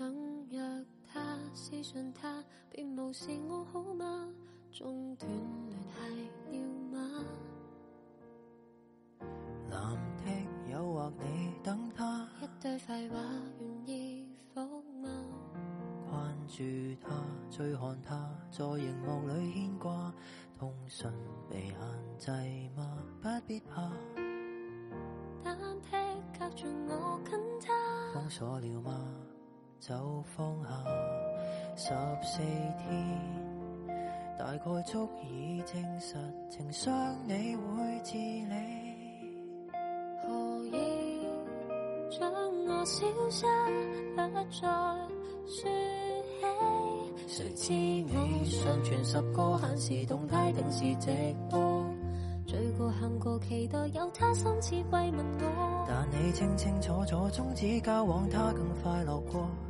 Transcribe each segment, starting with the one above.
想約他，私信他，別無視我好嗎？中斷聯繫了嗎？男的誘惑你等他， 一堆廢話願意否嗎？關注他，追看他，在熒幕裏牽掛，通訊被限制嗎？不必怕，單匹隔絕我跟他，封鎖了嗎？就放下十四天，大概足以證實情傷你會自理。何以將我消失，不再說起？誰知你上傳想十個限時動態，定時直播，醉過，過、喊過，期待有他深切慰問我。但你清清楚楚終止交往，他更快樂過。嗯。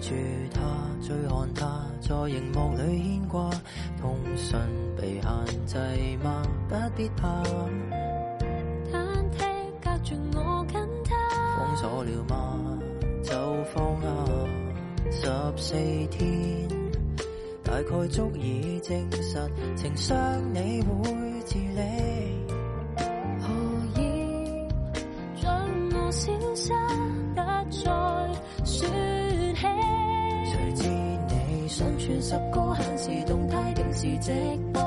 住他，追看他，在熒幕裏牽掛。通訊被限制嗎？不必怕。忐忑隔住我跟他。封鎖了嗎？就放下。十四天，大概足以證實，情傷你會自理。十個限時動態，定時直播，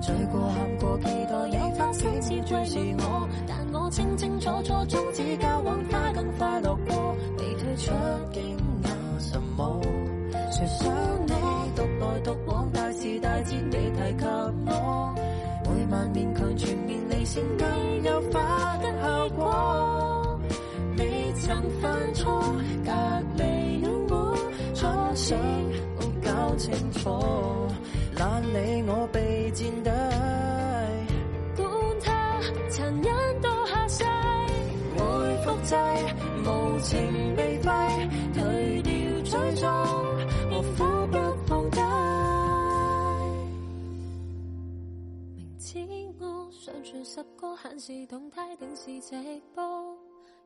醉過、喊過、期待有他先至注視我，但我清清楚楚終止交往，他更快樂過。你退出驚訝什麼？誰想你獨來獨往，大事大節你提及我，每晚勉強全面離線更有花的效果。你曾犯錯，隔離了我，可想清楚，懶理我被佔低。管他殘忍到下世，會複製無情被廢，退掉嘴裝，何淡苦不放低？明知我上傳十個，限時動態，定時直播。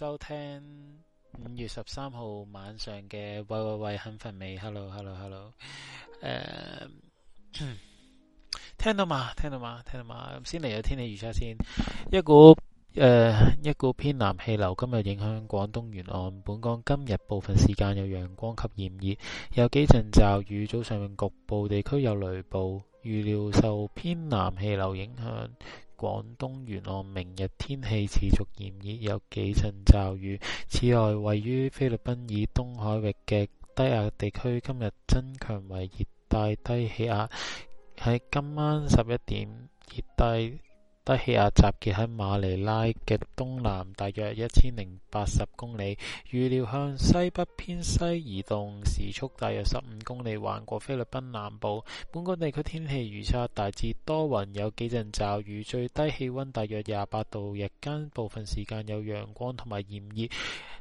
收聽五月十三號晚上嘅喂喂喂肯瞓未。hello hello hello，誒、uh, 嗯，聽到嘛？聽到嘛？聽到嘛？先嚟個天氣預測先，一股誒、呃，一股偏南氣流今日影響廣東沿岸，本港今日部分時間有陽光及炎熱，有幾陣驟雨，早上局部地區有雷暴，預料受偏南氣流影響。廣東沿岸明日天氣持續炎熱，有幾陣驟雨。此外，位於菲律賓以東海域嘅低壓地區，今日增強為熱帶低氣壓，喺今晚十一點熱帶，熱帶德希亞低氣壓集結喺馬尼拉嘅東南，大約一千零八十公里。預料向西北偏西移動，時速大約十五公里，橫過菲律賓南部。本港地區天氣預測大致多雲，有幾陣驟雨，最低氣溫大約廿八度，日間部分時間有陽光同埋炎熱。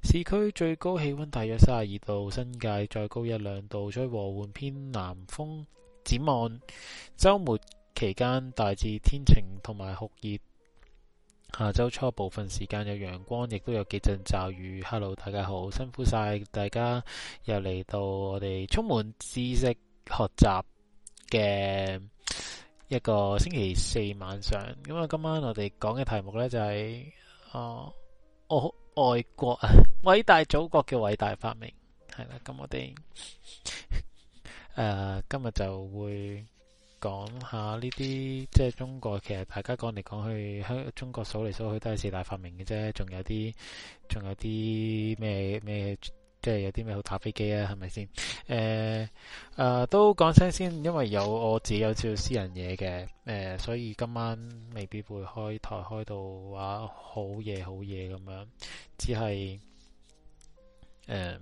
市區最高氣溫大約三十二度，新界再高一兩度，吹和緩偏南風。展望周末。期間大致天晴同埋酷熱，下、啊、周初部分時間有陽光，亦都有幾陣驟雨。Hello，大家好，辛苦晒大家又嚟到我哋充滿知識學習嘅一個星期四晚上。咁、嗯、啊，今晚我哋講嘅題目呢、就是，就係哦，我愛國啊， 偉大祖國嘅偉大發明係啦。咁、嗯、我哋、呃、今日就會。講下呢啲，即係中國，其實大家講嚟講去，香中國數嚟數去都係四大發明嘅啫，仲有啲，仲有啲咩咩，即係有啲咩好打飛機啊，係咪先？誒、呃，誒、呃，都講聲先，因為有我自己有照私人嘢嘅，誒、呃，所以今晚未必會開台開到話好嘢好嘢咁樣，只係，誒、呃。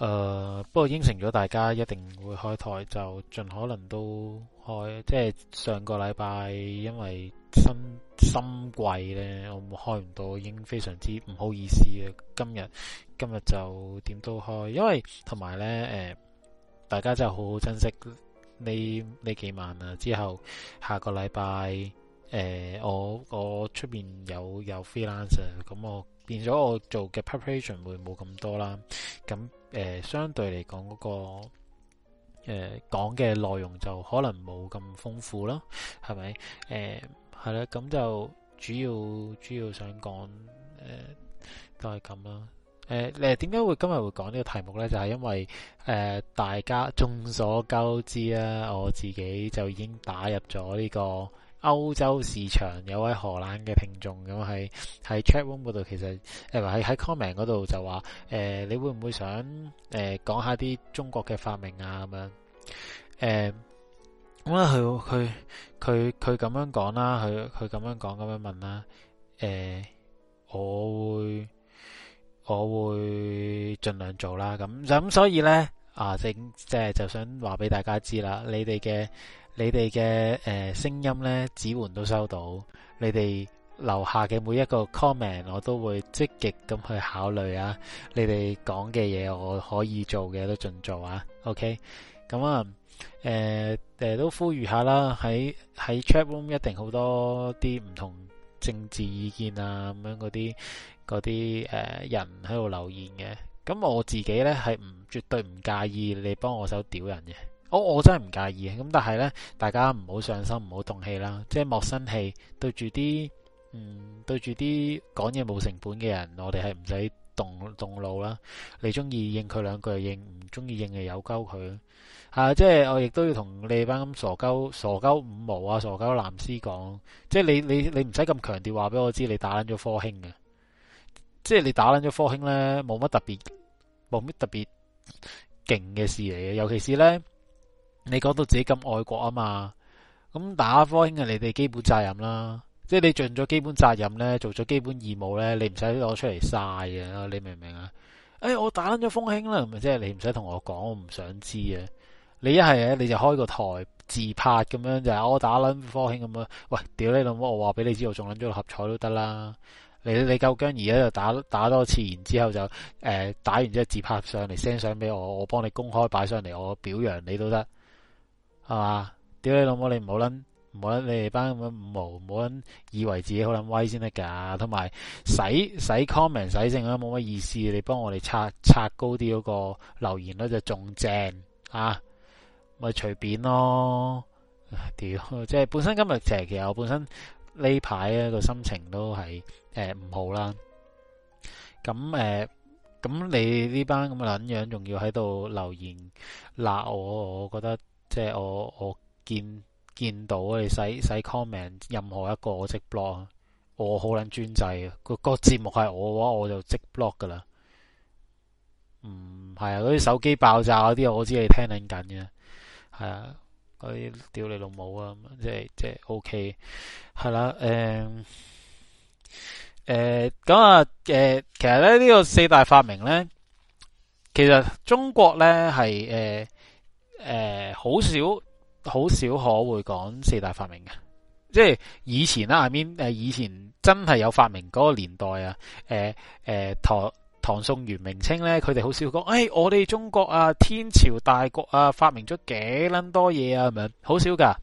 誒、呃，不過應承咗大家一定會開台，就盡可能都開。即、就、係、是、上個禮拜因為新新季呢，我開唔到，已經非常之唔好意思啦。今日今日就點都開，因為同埋呢，誒、呃，大家真係好好珍惜呢呢幾晚啦。之後下個禮拜誒，我我出邊有有 freelancer，咁、嗯、我變咗我做嘅 preparation 會冇咁多啦，咁、嗯。誒、呃，相對嚟、那個呃、講嗰個誒講嘅內容就可能冇咁豐富啦，係咪？誒係啦，咁就主要主要想講誒、呃、都係咁啦。誒、呃、誒，點解會今日會講呢個題目呢？就係、是、因為誒、呃、大家眾所周知啦，我自己就已經打入咗呢、這個。歐洲市場，有位荷蘭嘅聽眾咁係喺 chat room 嗰度，其實誒唔係喺 comment 嗰度就話誒、呃、你會唔會想誒講、呃、下啲中國嘅發明啊咁樣誒，咁咧佢佢佢佢咁樣講啦，佢佢咁樣講咁樣問啦誒、呃、我會我會盡量做啦，咁咁所以呢，啊正即係就想話俾大家知啦，你哋嘅。你哋嘅誒聲音呢，子桓都收到。你哋留下嘅每一個 comment，我都會積極咁去考慮啊。你哋講嘅嘢，我可以做嘅都盡做啊。OK，咁啊，誒、呃呃呃、都呼籲下啦。喺喺 chat room 一定好多啲唔同政治意見啊，咁樣嗰啲嗰啲誒人喺度留言嘅。咁我自己呢，係唔絕對唔介意你幫我手屌人嘅。我、oh, 我真係唔介意咁，但係呢，大家唔好上心，唔好動氣啦，即係莫生氣。對住啲嗯，對住啲講嘢冇成本嘅人，我哋係唔使動動腦啦。你中意應佢兩句就應，唔中意應就有鳩佢啊。即係我亦都要同你班咁傻鳩傻鳩五毛啊，傻鳩藍絲講，即係你你你唔使咁強調，話俾我知你打撚咗科興嘅、啊，即係你打撚咗科興呢、啊，冇乜特別冇乜特別勁嘅事嚟嘅，尤其是呢。你講到自己咁愛國啊嘛，咁打科興係你哋基本責任啦，即係你盡咗基本責任呢，做咗基本義務呢，你唔使攞出嚟晒嘅，你明唔明啊？誒、哎，我打撚咗科興啦，咁即係你唔使同我講，我唔想知啊。你一係咧，你就開個台自拍咁樣就係，我打撚科興咁啊，喂，屌你老母，我話俾你知道，仲捻咗六合彩都得啦。你你夠姜而家就打打多次，然之後就誒、呃、打完之後自拍上嚟 send 相俾我，我幫你公開擺上嚟，我表揚你都得。係嘛？屌你老母！你唔好撚，唔好撚你哋班咁樣五毛，唔好撚以為自己好撚威先得㗎。同埋，使使 comment 使剩咁，冇乜意思。你幫我哋刷刷高啲嗰個留言率就仲正啊，咪隨便咯。屌，即係本身今日其實，我本身呢排咧個心情都係誒唔好啦。咁誒，咁、呃、你呢班咁嘅撚樣，仲要喺度留言鬧我，我覺得。即係我我見見到你使使 comment 任何一個我即 block，我好捻專制嘅，個節目係我嘅話我就即 block 噶啦。唔係啊，嗰啲手機爆炸嗰啲我知你聽緊緊嘅，係啊，啲屌你老母啊！即係即係 OK，係啦，誒、嗯，誒、嗯，咁、嗯、啊，誒、嗯嗯嗯嗯嗯，其實咧呢、呢個四大發明咧，其實中國咧係誒。誒，好、呃、少好少可會講四大發明嘅，即係以前啦，I mean 誒以前真係有發明嗰個年代啊，誒、呃、誒、呃、唐唐宋元明清咧，佢哋好少講，誒、哎、我哋中國啊，天朝大國啊，發明咗幾撚多嘢啊，咁樣好少噶。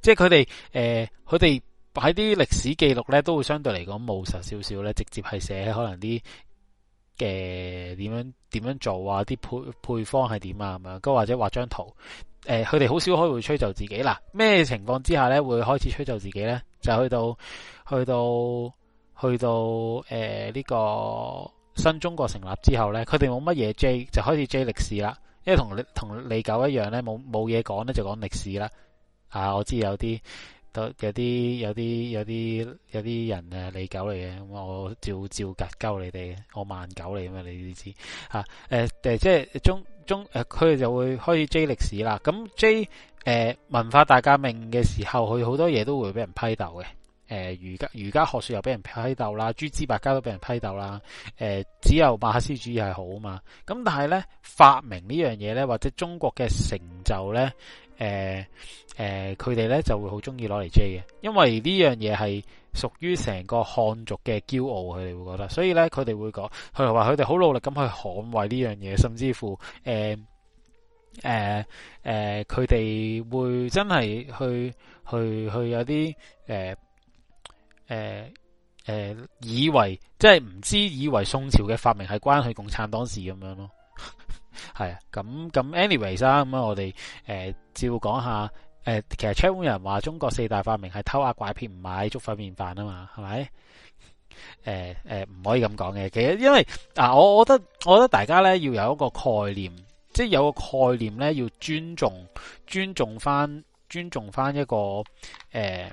即係佢哋誒佢哋喺啲歷史記錄咧，都會相對嚟講務實少少咧，直接係寫可能啲。嘅點樣點樣做啊？啲配配方係點啊？咁樣，都或者畫張圖。誒、呃，佢哋好少可會吹奏自己啦咩情況之下呢？會開始吹奏自己呢？就去到去到去到誒呢、呃這個新中國成立之後呢，佢哋冇乜嘢追就開始追歷史啦，因為同同李狗一樣呢，冇冇嘢講呢，就講歷史啦。啊，我知有啲。有啲有啲有啲有啲人，誒，你、啊、狗嚟嘅，咁我照照格鳩你哋，我慢狗嚟啊嘛，你哋知嚇誒誒，即係中中誒，佢、呃、哋就會開始追歷史啦。咁追誒文化大革命嘅時候，佢好多嘢都會俾人批鬥嘅。誒儒家儒家學説又俾人批鬥啦，諸子百家都俾人批鬥啦。誒只有馬克思主義係好啊嘛。咁但係咧，發明呢樣嘢咧，或者中國嘅成就咧。誒誒，佢哋咧就會好中意攞嚟追嘅，因為呢樣嘢係屬於成個漢族嘅驕傲，佢哋會覺得，所以咧佢哋會講，佢哋話佢哋好努力咁去捍衛呢樣嘢，甚至乎誒誒誒，佢、呃、哋、呃呃呃、會真係去去去，去有啲誒誒誒，以為即係唔知以為宋朝嘅發明係關佢共產黨事咁樣咯。係啊，咁咁，anyways 啦，咁、呃、啊，我哋誒照講下，誒、呃，其實香港人話中國四大發明係偷啊拐騙唔買粥、粉麵飯啊嘛，係咪？誒誒，唔、呃呃、可以咁講嘅，其實因為啊，我我覺得，我覺得大家咧要有一個概念，即係有個概念咧要尊重，尊重返，尊重返一個誒誒、呃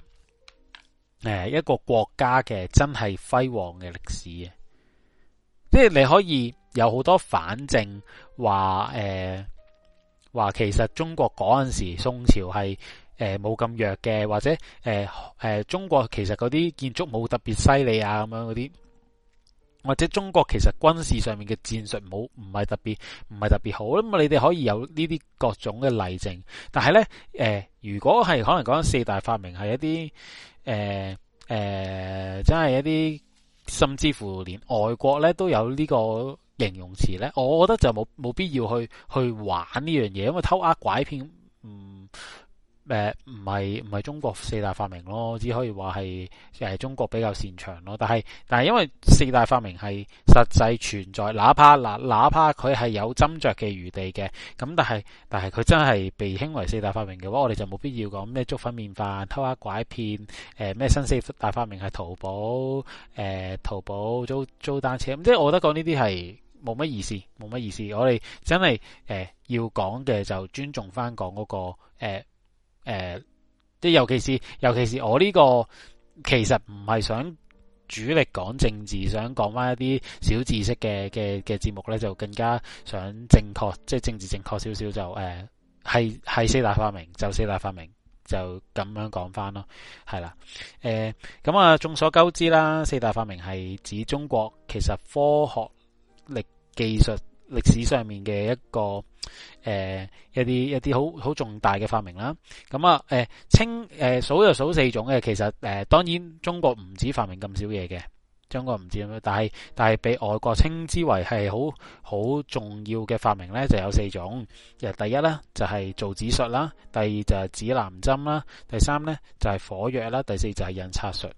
呃、一個國家嘅真係輝煌嘅歷史嘅，即係你可以。有好多反證話誒話其實中國嗰陣時宋朝，係誒冇咁弱嘅，或者誒誒、呃呃、中國其實嗰啲建築冇特別犀利啊，咁樣嗰啲，或者中國其實軍事上面嘅戰術冇唔係特別唔係特別好。咁你哋可以有呢啲各種嘅例證。但係呢，誒、呃、如果係可能講四大發明係一啲，誒、呃、誒、呃、真係一啲，甚至乎連外國咧都有呢、呢個。形容詞呢，我覺得就冇冇必要去去玩呢樣嘢，因為偷呃拐騙唔誒唔係唔係中國四大發明咯，只可以話係誒中國比較擅長咯。但係但係因為四大發明係實際存在，哪怕嗱哪怕佢係有斟酌嘅餘地嘅，咁但係但係佢真係被稱為四大發明嘅話，我哋就冇必要講咩粥粉麵飯偷呃拐騙誒咩新四大發明係淘寶誒、呃、淘寶租租單車，咁即係我覺得講呢啲係。冇乜意思，冇乜意思。我哋真係誒、呃、要講嘅就尊重翻講嗰個誒誒，即、呃、係、呃、尤其是尤其是我呢、這個其實唔係想主力講政治，想講翻一啲小知識嘅嘅嘅節目咧，就更加想正確，即係政治正確少少就誒係係四大發明就四大發明就咁樣講翻咯，係啦誒咁啊，眾所周知啦，四大發明係指中國其實科學。技術歷史上面嘅一個誒、呃、一啲一啲好好重大嘅發明啦，咁啊誒稱誒數就數四種嘅，其實誒、呃、當然中國唔止發明咁少嘢嘅，中國唔止咁樣，但係但係俾外國稱之為係好好重要嘅發明咧，就有四種。誒第一咧就係、是、造紙術啦，第二就係指南針啦，第三咧就係、是、火藥啦，第四就係印刷術。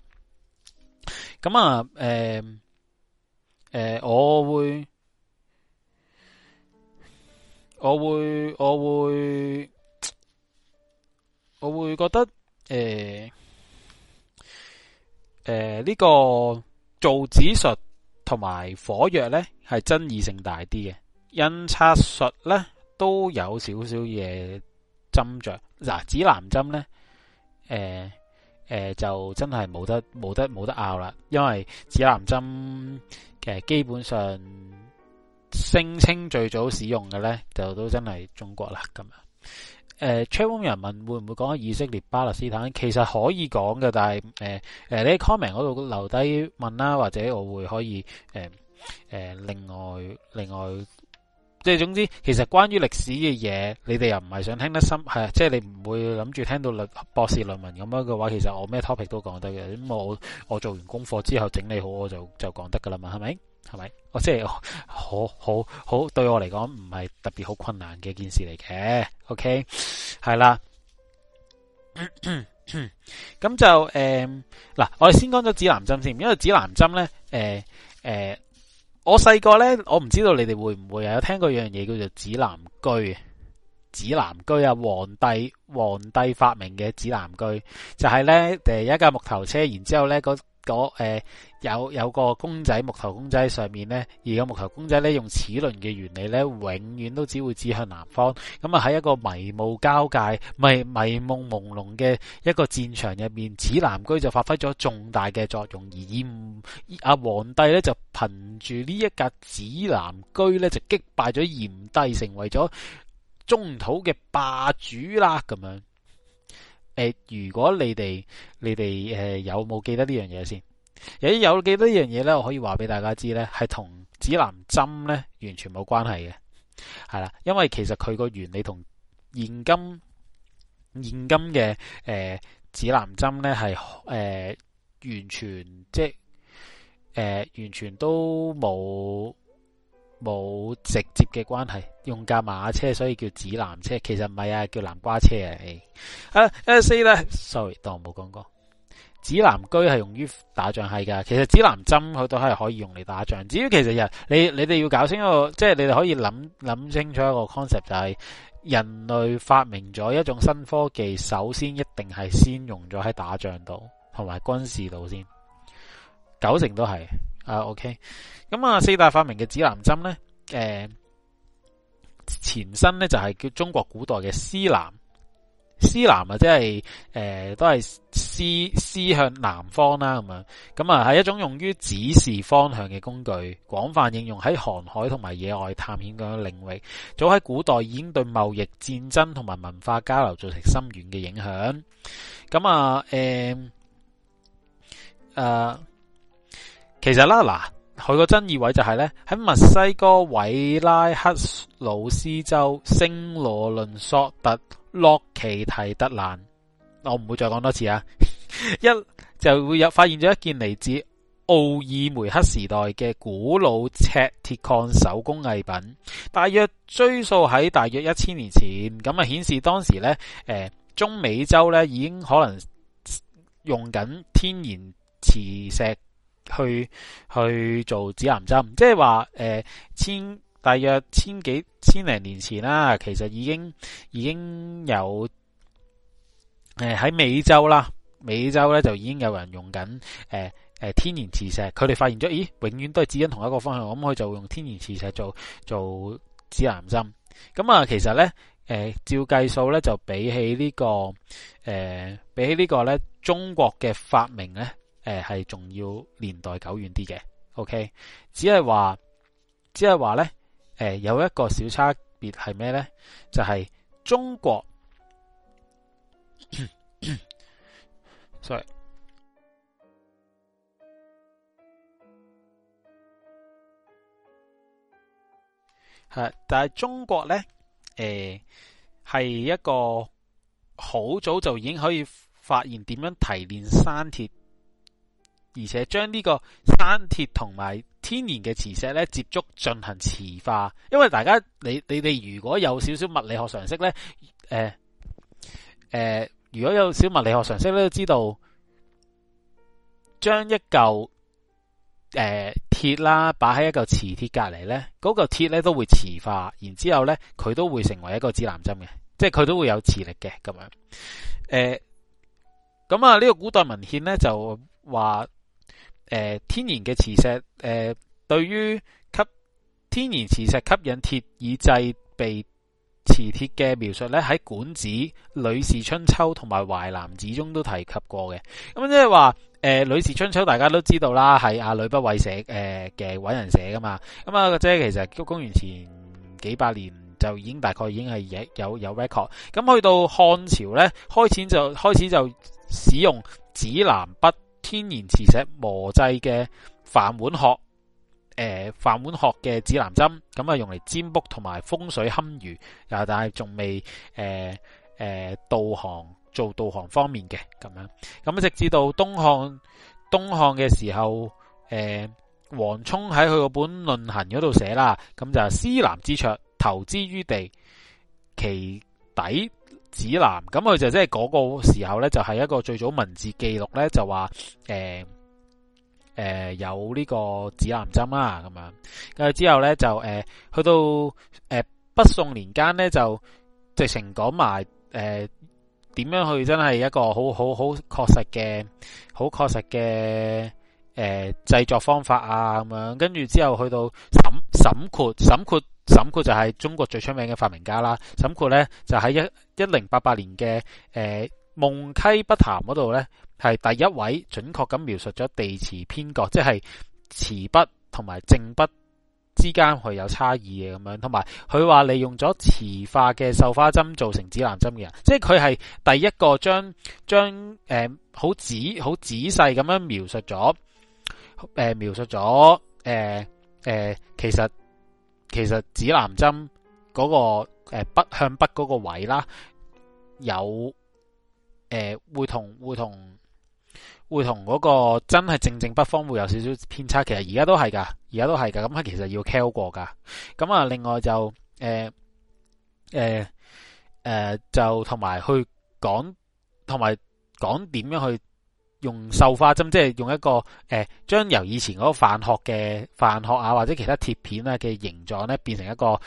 咁啊誒誒、呃呃、我會。我會我會我會覺得誒誒呢個造紙術同埋火藥呢係爭議性大啲嘅，印刷術呢都有少少嘢斟酌。嗱、呃，指南針呢，誒、呃、誒、呃、就真係冇得冇得冇得拗啦，因為指南針嘅基本上。聲稱最早使用嘅呢，就都真係中國啦。咁樣，誒、呃，travel 人問會唔會講以色列巴勒斯坦，其實可以講嘅，但係誒誒，你 comment 嗰度留低問啦，或者我會可以誒誒、呃呃，另外另外，即係總之，其實關於歷史嘅嘢，你哋又唔係想聽得深，係即係你唔會諗住聽到論博士論文咁樣嘅話，其實我咩 topic 都講得嘅。咁我我做完功課之後整理好，我就就講得噶啦嘛，係咪？係咪？我即係好好好，對我嚟講唔係特別好困難嘅一件事嚟嘅。OK，係啦。咁 就誒，嗱、呃，我哋先講咗指南針先，因為指南針咧，誒、呃、誒、呃，我細個咧，我唔知道你哋會唔會、啊、有聽過一樣嘢叫做指南居。指南居啊，皇帝皇帝發明嘅指南居，就係、是、咧，誒，一架木頭車，然之後咧，嗰誒、那個呃、有有個公仔木頭公仔上面呢，而個木頭公仔呢，用齒輪嘅原理呢，永遠都只會指向南方咁，啊喺一個迷霧交界迷迷霧朦朧嘅一個戰場入面，指南車就發揮咗重大嘅作用。而嚴阿黃帝呢，就憑住呢一架指南車呢，就擊敗咗炎帝成為咗中土嘅霸主啦咁樣。如果你哋你哋誒有冇記得呢樣嘢先？誒有記得呢樣嘢呢？我可以話俾大家知呢係同指南針咧完全冇關係嘅，係啦，因為其實佢個原理同現今現今嘅誒指南針咧係誒完全即、呃、完全都冇。冇直接嘅關係，用架馬車，所以叫指南車。其實唔係啊，叫南瓜車啊。誒、欸、誒，四啦、啊啊、，sorry，當冇講過。指南居係用於打仗係噶，其實指南針佢都係可以用嚟打仗。至於其實人，你你哋要搞清楚，即係你哋可以諗諗清楚一個 concept，就係、是、人類發明咗一種新科技，首先一定係先用咗喺打仗度，同埋軍事度先，九成都係。啊、uh,，OK，咁啊，四大發明嘅指南針呢，誒、呃，前身呢就係、是、叫中國古代嘅司南，司南啊，即係誒、呃，都係司司向南方啦，咁樣，咁啊係一種用於指示方向嘅工具，廣泛應用喺航海同埋野外探險嘅領域，早喺古代已經對貿易、戰爭同埋文化交流造成深遠嘅影響，咁啊，誒、呃，啊、呃。其實啦，嗱，佢個爭議位就係、是、呢。喺墨西哥韋拉克魯斯州聖羅倫索特洛奇提德蘭，我唔會再講多次啊。 一就會有發現咗一件嚟自奧爾梅克時代嘅古老赤鐵礦手工藝品，大約追溯喺大約一千年前，咁啊顯示當時呢，誒、呃、中美洲呢已經可能用緊天然磁石，去去做指南針，即係話誒，千大約千幾千零年前啦，其實已經已經有誒喺、呃、美洲啦，美洲咧就已經有人用緊誒誒天然磁石，佢哋發現咗，咦，永遠都係指引同一個方向，咁、嗯、佢就用天然磁石做做指南針。咁、嗯、啊、呃，其實咧誒、呃、照計數咧，就比起呢、呢個誒、呃、比起個呢個咧中國嘅發明咧。誒，係仲、呃、要年代久遠啲嘅，OK，只係話，只係話咧，誒、呃，有一個小差別係咩咧？就係、是、中國 ，sorry，係， 但係中國咧，誒、呃，係一個好早就已經可以發現點樣提煉山鐵。而且將呢個生鐵同埋天然嘅磁石咧接觸進行磁化，因為大家你你哋如果有少少物理學常識咧，誒、呃、誒、呃，如果有少物理學常識咧，都知道將一嚿誒鐵啦擺喺一嚿磁鐵隔籬咧，嗰嚿鐵咧都會磁化，然之後咧佢都會成為一個指南針嘅，即係佢都會有磁力嘅咁樣。誒、呃，咁啊呢個古代文獻咧就話。誒、呃，天然嘅磁石，誒、呃，對於吸天然磁石吸引鐵以製備磁鐵嘅描述咧，喺《管子》《女士春秋呂氏春秋》同埋《淮南子》中都提及過嘅。咁、嗯、即係話，誒、呃，《呂氏春秋》大家都知道啦，係阿呂不韋寫，誒嘅搵人寫噶嘛。咁、嗯、啊，即、呃、係其實公元前幾百年就已經大概已經係有有，有 record，嗯。咁去到漢朝咧，開始就開始就，開始就使用指南筆。天然磁石磨製嘅范碗殼，誒、呃、范碗殼嘅指南針，咁啊用嚟占卜同埋風水堪輿，又但係仲未誒誒、呃呃、導航做導航方面嘅咁樣，咁直至到東漢東漢嘅時候，誒王充喺佢嗰本論衡嗰度寫啦，咁就係司南之杓，投之于地，其柢。」指南，咁佢就即係嗰個時候呢，就係、是、一個最早文字記錄呢，就話誒誒有呢個指南針啊咁樣。跟住之後呢，就誒、呃、去到誒、呃、北宋年間呢，就直情講埋誒點樣去真係一個好好好確實嘅好確實嘅誒製作方法啊咁樣。跟住之後去到沈沈括沈括。沈括就係中國最出名嘅發明家啦。沈括咧就喺一一零八八年嘅誒夢溪筆談嗰度咧，係第一位準確咁描述咗地磁偏角，即係磁北同埋正北之間佢有差異嘅咁樣，同埋佢話利用咗磁化嘅繡花針做成指南針嘅人，即係佢係第一個將將誒好仔好仔細咁樣描述咗誒、呃、描述咗誒誒其實。其實指南針，嗰個誒北、呃、向北個位啦，有誒、呃、會同會同會同、嗰個真係正正北方會有少少偏差。其實而家都係噶，而家都係噶。咁其實要 care 過噶。咁啊，另外就誒誒誒，就同埋去講，同埋講點樣去。用繡花針，即係用一個誒，將、呃，由以前嗰個飯殼嘅飯殼啊，或者其他鐵片啊嘅形狀咧，變成一個誒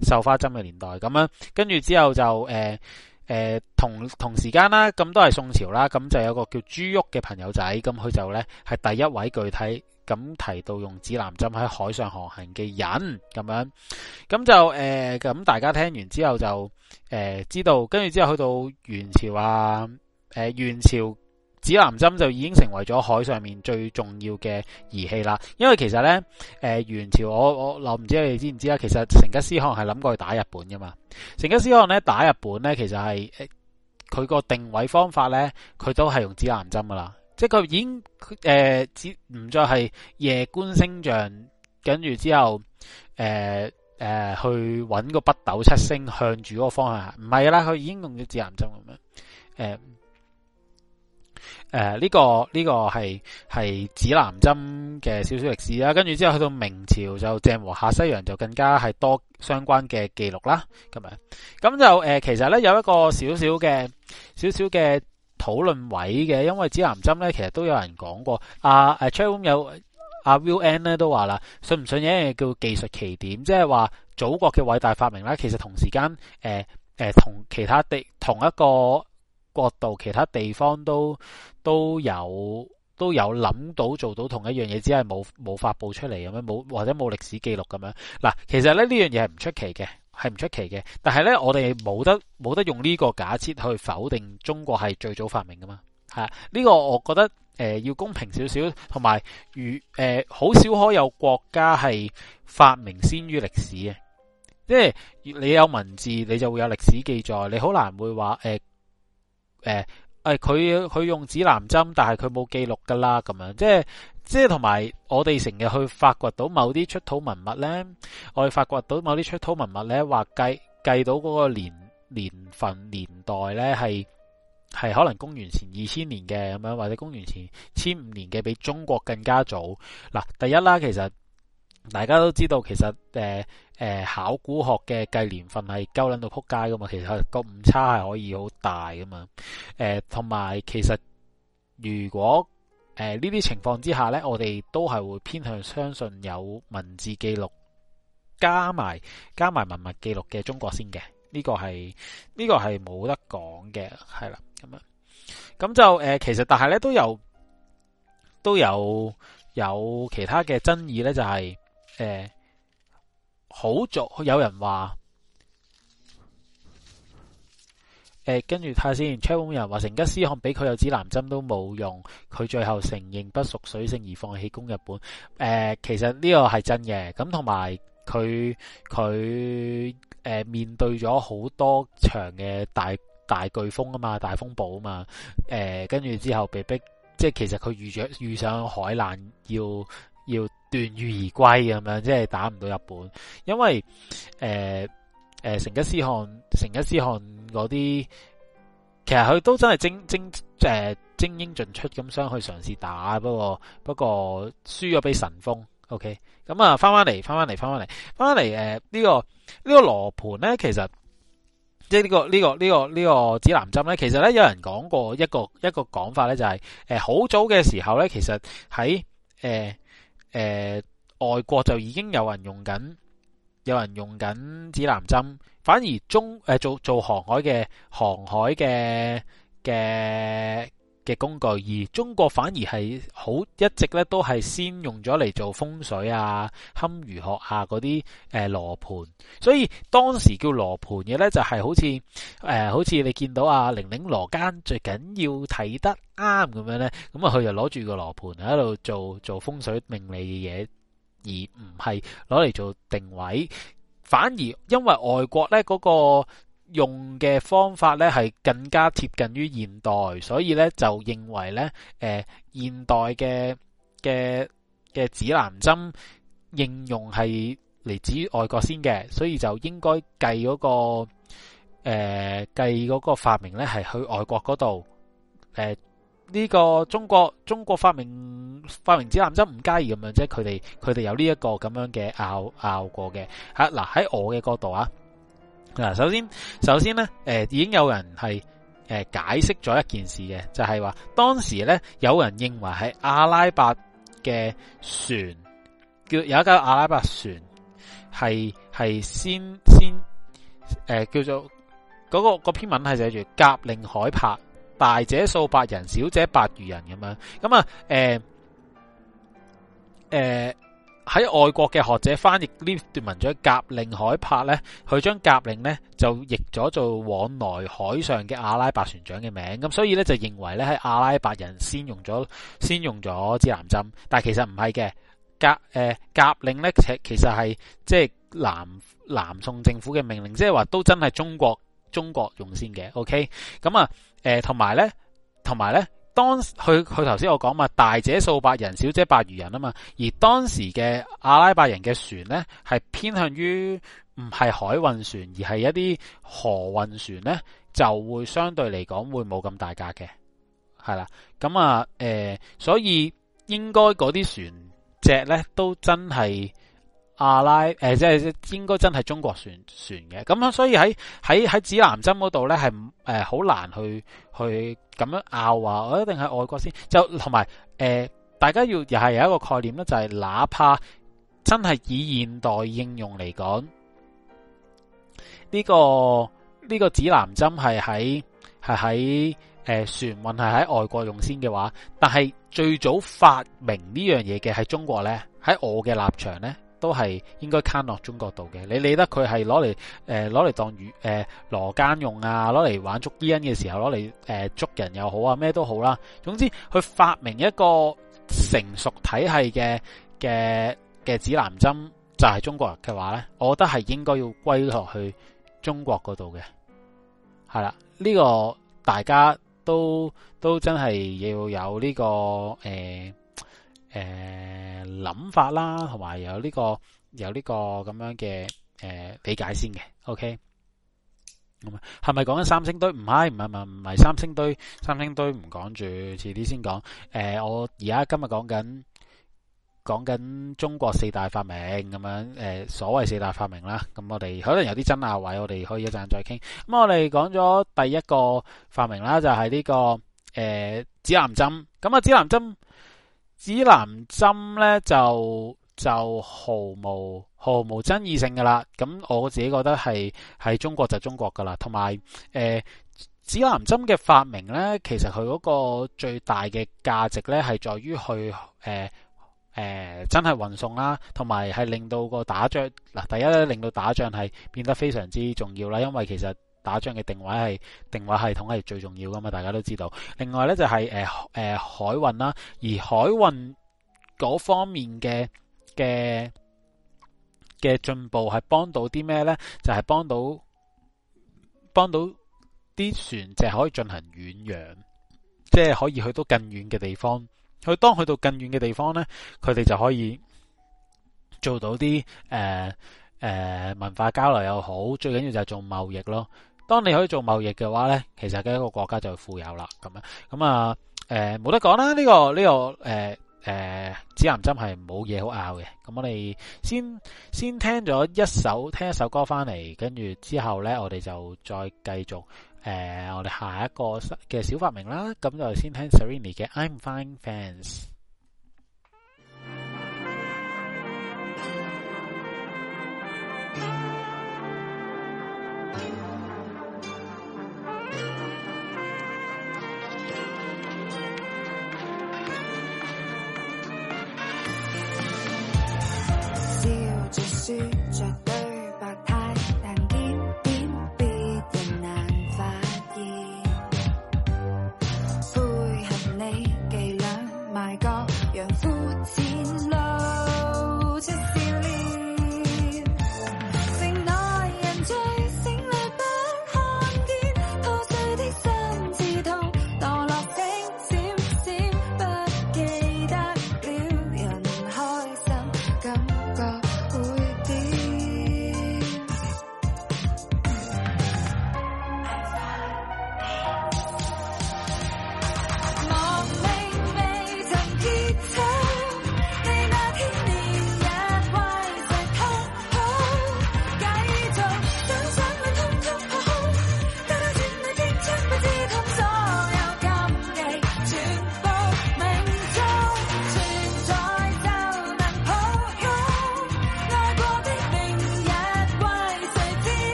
繡花針嘅年代咁樣。跟住之後就誒誒、呃、同同時間啦，咁都係宋朝啦。咁就有個叫朱旭嘅朋友仔，咁佢就咧係第一位具體咁提到用指南針喺海上航行嘅人咁樣。咁就誒咁大家聽完之後就誒、欸、知道，跟住之後去到元朝啊，誒、欸、元朝。指南針就已經成為咗海上面最重要嘅儀器啦，因為其實呢，誒、呃，元朝我我我唔知你哋知唔知呀，其實成吉思汗係諗過去打日本噶嘛成吉思汗呢，打日本呢，其實係佢個定位方法呢，佢都係用指南針噶啦，即係佢已經誒，唔、呃、再係夜觀星象，跟住之後誒誒、呃呃、去揾個北斗七星向住嗰個方向行，唔係啦，佢已經用咗指南針咁樣，誒、呃。誒，呢、呃這個呢、這個係係指南針嘅少少歷史啦，跟住之後去到明朝就鄭和下西洋就更加係多相關嘅記錄啦，咁樣咁就誒、呃，其實呢，有一個少少嘅少少嘅討論位嘅，因為指南針呢，其實都有人講過，阿阿 Charles 有阿、啊、Will N 呢，都話啦，信唔信有嘢叫技術奇點，即係話祖國嘅偉大發明呢，其實同時間誒誒、呃呃、同其他地，同一個。角度，其他地方都有都有都有諗到做到同一樣嘢，只係冇冇發佈出嚟，咁樣，冇或者冇歷史記錄咁樣嗱。其實咧呢樣嘢係唔出奇嘅，係唔出奇嘅。但係呢，我哋冇得冇得用呢個假設去否定中國係最早發明噶嘛吓。呢個我覺得誒、呃、要公平少少，同埋如誒好少可有國家係發明先於歷史嘅，即係你有文字，你就會有歷史記載，你好難會話誒。呃誒，佢佢、呃、用指南針，但係佢冇記錄㗎啦，咁樣，即係即係同埋我哋成日去發掘到某啲出土文物呢。我哋發掘到某啲出土文物呢，話計計到嗰個年年份年代呢，係係可能公元前二千年嘅，咁樣，或者公元前千五年嘅，比中國更加早。嗱，第一啦，其實大家都知道，其實誒。呃誒、呃，考古學嘅計年份係鳩撚到扑街㗎嘛？其實個誤差係可以好大㗎嘛？誒、呃，同埋其實如果誒呢啲情況之下咧，我哋都係會偏向相信有文字記錄加埋加埋文物記錄嘅中國先嘅，呢、呢個係呢、呢個係冇得講嘅，係啦咁樣。咁就誒、呃，其實但係咧都有都有有其他嘅爭議咧，就係、是、誒。呃好早有人話，誒，跟住睇下先。Telegram 人話成吉思汗俾佢有指南針都冇用，佢最後承認不熟水性而放棄攻日本。誒，其實呢個係真嘅。咁同埋佢佢誒面對咗好多場嘅大大颶風啊嘛，大風暴啊嘛。誒，跟住之後被逼，即係其實佢遇上遇上海難要要。要完譽而歸咁樣，即係打唔到日本，因為誒誒、呃呃、成吉思汗成吉思汗嗰啲，其實佢都真係精精誒、呃、精英盡出咁想去嘗試打，不過不過輸咗俾神風。OK，咁啊，翻翻嚟，翻翻嚟，翻翻嚟，翻翻嚟，誒、呃、呢、呢個呢、呢個羅盤咧，其實即係呢、呢個呢、呢個呢、呢個呢、呢個指南針咧，其實咧有人講過一個一個講法咧，就係誒好早嘅時候咧，其實喺誒。呃呃誒、呃，外國就已經有人用緊，有人用緊指南針，反而中誒、呃、做做航海嘅航海嘅嘅嘅工具，而中國反而係好一直咧，都係先用咗嚟做風水啊、堪輿學下嗰啲誒羅盤，所以當時叫羅盤嘅呢，就係、是、好似誒、呃、好似你見到啊玲玲羅間最緊要睇得啱咁樣，樣呢。咁啊佢就攞住個羅盤喺度做做，做風水命理嘅嘢，而唔係攞嚟做定位，反而因為外國呢嗰、那個。用嘅方法呢係更加貼近於現代，所以呢就認為呢誒、呃、現代嘅嘅嘅指南針應用係嚟自於外國先嘅，所以就應該計嗰、嗰個誒、呃、計嗰個發明呢係去外國嗰度誒，呢個中國中國發明發明指南針唔佳宜咁樣啫，佢哋佢哋有呢一個咁樣嘅拗拗過嘅吓，嗱喺我嘅角度啊。嗱，首先，首先咧，誒、呃，已經有人係誒、呃、解釋咗一件事嘅，就係、是、話當時咧，有人認為喺阿拉伯嘅船，叫有一架阿拉伯船，係係先先，誒、呃，叫做嗰、呃那個篇文係寫住甲令海舶，大者數百人，小者百餘人咁樣，咁啊，誒、呃，誒、呃。呃喺外國嘅學者翻譯呢段文章，甲令海柏呢，佢將甲令呢就譯咗做往來海上嘅阿拉伯船長嘅名，咁所以呢，就認為呢係阿拉伯人先用咗先用咗指南針，但係其實唔係嘅，甲誒、呃、甲令咧其其實係即係南南宋政府嘅命令，即係話都真係中國中國用先嘅，OK，咁啊誒同埋呢。同埋咧。當時佢佢頭先我講嘛，大者數百人，小者百餘人啊嘛，而當時嘅阿拉伯人嘅船呢，係偏向於唔係海運船，而係一啲河運船呢，就會相對嚟講會冇咁大架嘅，係啦，咁啊，誒、呃，所以應該嗰啲船隻呢，都真係。阿拉誒，即係應該真係中國船船嘅咁樣，所以喺喺喺指南針嗰度咧，係誒好難去去咁樣拗話我一定係外國先，就同埋誒大家要又係有一個概念咧，就係哪怕真係以現代應用嚟講，呢個呢個指南針係喺係喺誒船運係喺外國用先嘅話，但係最早發明呢樣嘢嘅係中國咧，喺我嘅立場咧。都係應該攤落中國度嘅，你理得佢係攞嚟誒攞嚟當魚誒、呃、羅奸用啊，攞嚟玩捉伊恩嘅時候，攞嚟誒捉人又好啊，咩都好啦，啊。總之，佢發明一個成熟體系嘅嘅指南針，就係中國人嘅話呢，我覺得係應該要歸落去中國嗰度嘅。係啦，呢、呢個大家都都真係要有呢、呢個誒。呃誒，諗法啦，同埋有呢個有呢個咁樣嘅誒理解先嘅，OK，咁係咪講緊三星堆？唔係唔係唔係三星堆，三星堆唔講住，遲啲先講。誒，我而家今日講緊講緊中國四大發明咁樣，誒所謂四大發明啦，咁我哋可能有啲爭拗位，我哋可以一陣再傾。咁我哋講咗第一個發明啦，就係呢個誒指南針。咁啊指南針。指南針呢，就就毫無毫無爭議性噶啦，咁我自己覺得係係中國就中國噶啦，同埋誒指南針嘅發明呢，其實佢嗰個最大嘅價值呢，係在於去誒誒、呃呃、真係運送啦，同埋係令到個打仗嗱，第一令到打仗係變得非常之重要啦，因為其實。打仗嘅定位係定位系統係最重要噶嘛，大家都知道。另外呢，就係誒誒海運啦，而海運嗰方面嘅嘅嘅進步係幫到啲咩呢？就係幫到幫到啲船隻可以進行遠洋，即係可以去到更遠嘅地方。去當去到更遠嘅地方呢，佢哋就可以做到啲誒誒文化交流又好，最緊要就係做貿易咯。當你可以做貿易嘅話呢，其實嘅一個國家就富有啦。咁樣咁啊，誒、嗯、冇、呃、得講啦。呢、這個呢、這個誒誒、呃呃、指南針係冇嘢好拗嘅。咁我哋先先聽咗一首聽一首歌翻嚟，跟住之後呢，我哋就再繼續誒、呃、我哋下一個嘅小發明啦。咁就先聽 Serrini 嘅 I'm Fine Fans。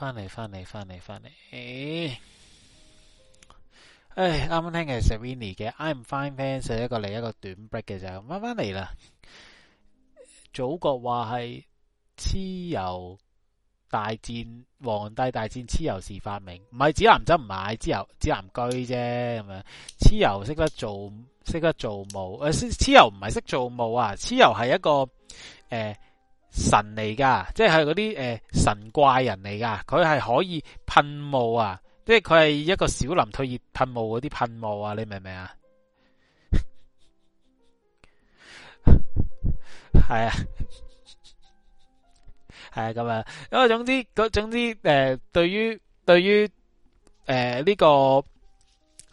翻嚟，翻嚟，翻嚟，翻嚟。哎，啱啱聽嘅是 Serrini 嘅 I'm Fine Fans 一個嚟一個短 break 嘅就係慢慢嚟啦。祖國話係蚩尤大戰皇帝大戰蚩尤時發明，唔係指南針唔係，蚩尤指南居啫咁樣。蚩尤識得做識得做霧，誒、呃，蚩尤唔係識做霧啊，蚩尤係一個誒。呃神嚟噶，即係嗰啲誒神怪人嚟噶，佢係可以噴霧啊，即係佢係一個小林退熱噴霧嗰啲噴霧啊，你明唔明 啊？係啊，係啊，咁啊，因為，總之，總之，誒、呃，對於，對於，誒、呃，呢、這個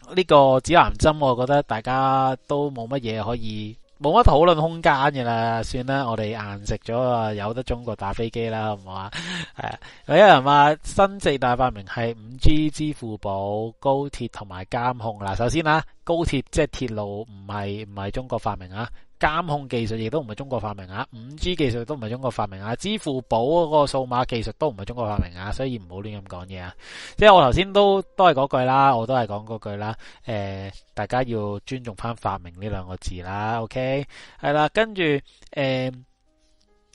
呢、這個指南針，我覺得大家都冇乜嘢可以。冇乜討論空間嘅啦，算啦。我哋硬食咗啊，有得中國打飛機啦，係嘛係啊？有人話新四大發明係五 G、支付寶、高鐵同埋監控嗱。首先啊，高鐵即係鐵路，唔係唔係中國發明啊？監控技術亦都唔係中國發明啊，五 G 技術都唔係中國發明啊，支付寶嗰個數碼技術都唔係中國發明啊，所以唔好亂咁講嘢啊。即係我頭先都都係嗰句啦，我都係講嗰句啦。誒、呃，大家要尊重翻發明呢兩個字啦。OK，係啦，跟住誒，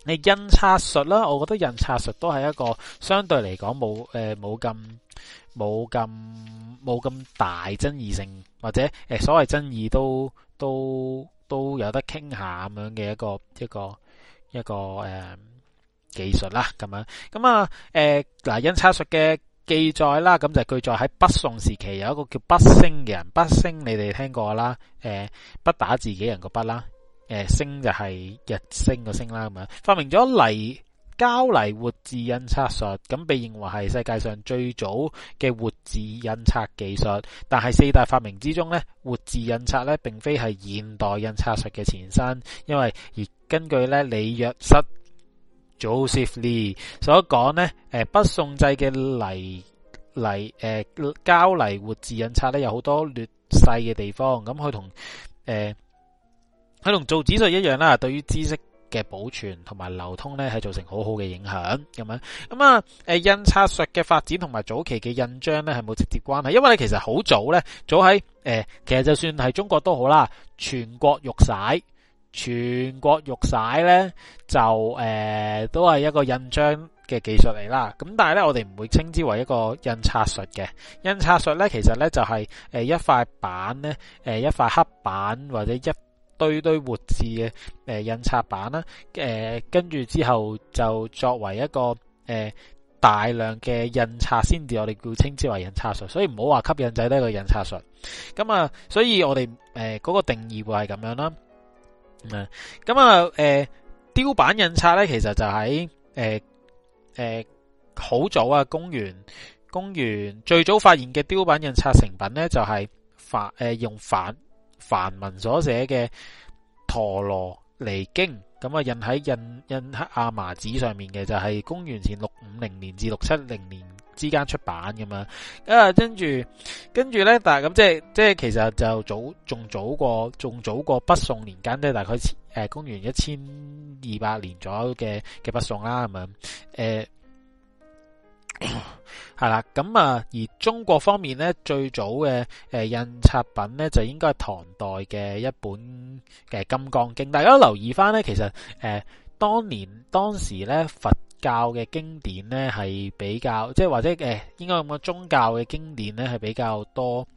你印刷術啦，我覺得印刷術都係一個相對嚟講冇誒冇咁冇咁冇咁大爭議性，或者誒、呃、所謂爭議都都。都有得傾下咁樣嘅一個一個一個誒、呃、技術啦咁樣咁啊誒嗱，印刷術嘅記載啦，咁、啊呃、就記載喺北宋時期有一個叫畢昇嘅人，畢昇你哋聽過啦，誒、呃、畢打自己人個畢啦，誒、呃、升就係日升個升啦，咁樣發明咗嚟。膠泥活字印刷術咁被認為係世界上最早嘅活字印刷技術，但係四大發明之中咧，活字印刷咧並非係現代印刷術嘅前身，因為而根據咧李約瑟 Joseph Lee 所講咧，誒，北宋製嘅泥泥誒膠、呃、泥活字印刷咧有好多劣勢嘅地方，咁佢同誒佢同造紙術一樣啦，對於知識。嘅保存同埋流通咧，係造成好好嘅影響咁樣。咁啊，誒印刷術嘅發展同埋早期嘅印章咧，係冇直接關係。因為其實好早咧，早喺誒、呃，其實就算係中國都好啦，全國玉璽，全國玉璽咧就誒、呃、都係一個印章嘅技術嚟啦。咁但係咧，我哋唔會稱之為一個印刷術嘅。印刷術咧，其實咧就係、是、誒一塊板咧，誒一塊黑板或者一。堆堆活字嘅誒、呃、印刷版啦，誒跟住之後就作為一個誒、呃、大量嘅印刷，先至我哋叫稱之為印刷術，所以唔好話吸引仔得一個印刷術。咁啊，所以我哋誒嗰個定義會係咁樣啦。咁、嗯、啊，誒雕版印刷咧，其實就喺誒誒好早啊，公元公元最早發現嘅雕版印刷成品咧，就係反誒用反。梵文所寫嘅陀羅尼經，咁啊印喺印印喺亞麻紙上面嘅就係、是、公元前六五零年至六七零年之間出版咁啊，啊跟住跟住咧，但係咁即係即係其實就早仲早過仲早過北宋年間咧，即大概誒、呃、公元一千二百年左右嘅嘅北宋啦，咁樣誒。呃係啦，咁啊， 而中國方面咧，最早嘅誒、呃、印刷品咧，就應該係唐代嘅一本嘅《金剛經》。大家都留意翻咧，其實誒、呃、當年當時咧，佛教嘅經典咧係比較，即係或者誒、呃、應該咁講，宗教嘅經典咧係比較多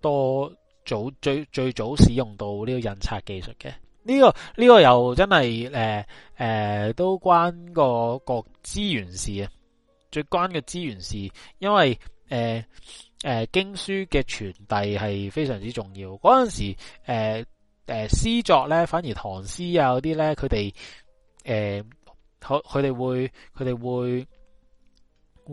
多早最最早使用到呢個印刷技術嘅、呢個。呢、呢個呢、呢個又真係誒誒都關個國資源事啊！最關嘅資源是，因為誒誒、呃呃、經書嘅傳遞係非常之重要。嗰陣時誒誒、呃呃、詩作咧，反而唐詩啊嗰啲咧，佢哋誒，佢佢哋會佢哋會。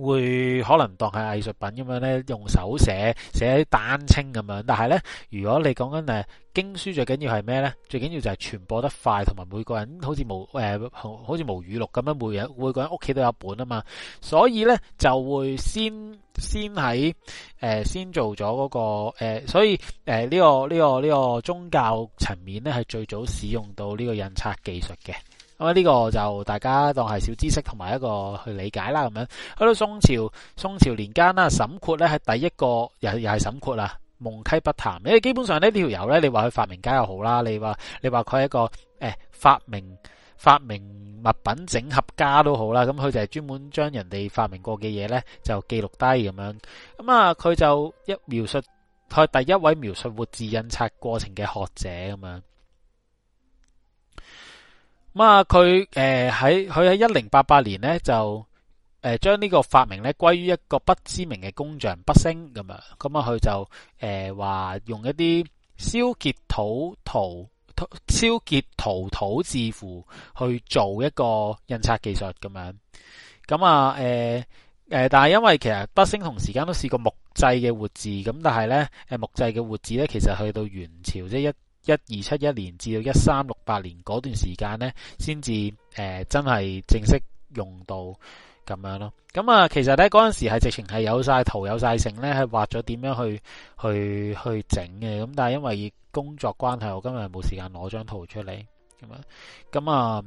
會可能當係藝術品咁樣咧，用手寫寫啲單清咁樣。但係咧，如果你講緊誒經書最，最緊要係咩咧？最緊要就係傳播得快，同埋每個人好似無誒、呃，好似無語錄咁樣，每有每個人屋企都有本啊嘛。所以咧，就會先先喺誒、呃、先做咗嗰、嗰個誒、呃，所以誒呢、呃呢個呢、呢個呢、呢個宗教層面咧，係最早使用到呢個印刷技術嘅。咁呢個就大家當係小知識同埋一個去理解啦，咁樣，去到宋朝，宋朝年間啦，沈括咧係第一個又又係沈括啦，夢溪筆談。你基本上呢條友咧，你話佢發明家又好啦，你話你話佢係一個誒、呃、發明發明物品整合家都好啦，咁佢就係專門將人哋發明過嘅嘢咧就記錄低咁樣。咁啊佢就一描述佢係第一位描述活字印刷過程嘅學者咁樣。咁啊，佢誒喺佢喺一零八八年咧，就誒將呢個發明咧歸於一個不知名嘅工匠畢昇咁樣。咁啊，佢就誒話、呃、用一啲燒結土陶燒結陶土字符去做一個印刷技術咁樣。咁啊，誒誒，但係因為其實畢昇同時間都試過木製嘅活字，咁但係咧，誒木製嘅活字咧，其實去到元朝即係一一二七一年至到一三六八年嗰段時間呢，先至誒真係正式用到咁樣咯。咁啊，其實呢，嗰陣時係直情係有晒圖有晒成呢，係畫咗點樣去去去，去整嘅。咁但係因為工作關係，我今日冇時間攞張圖出嚟咁樣。咁啊，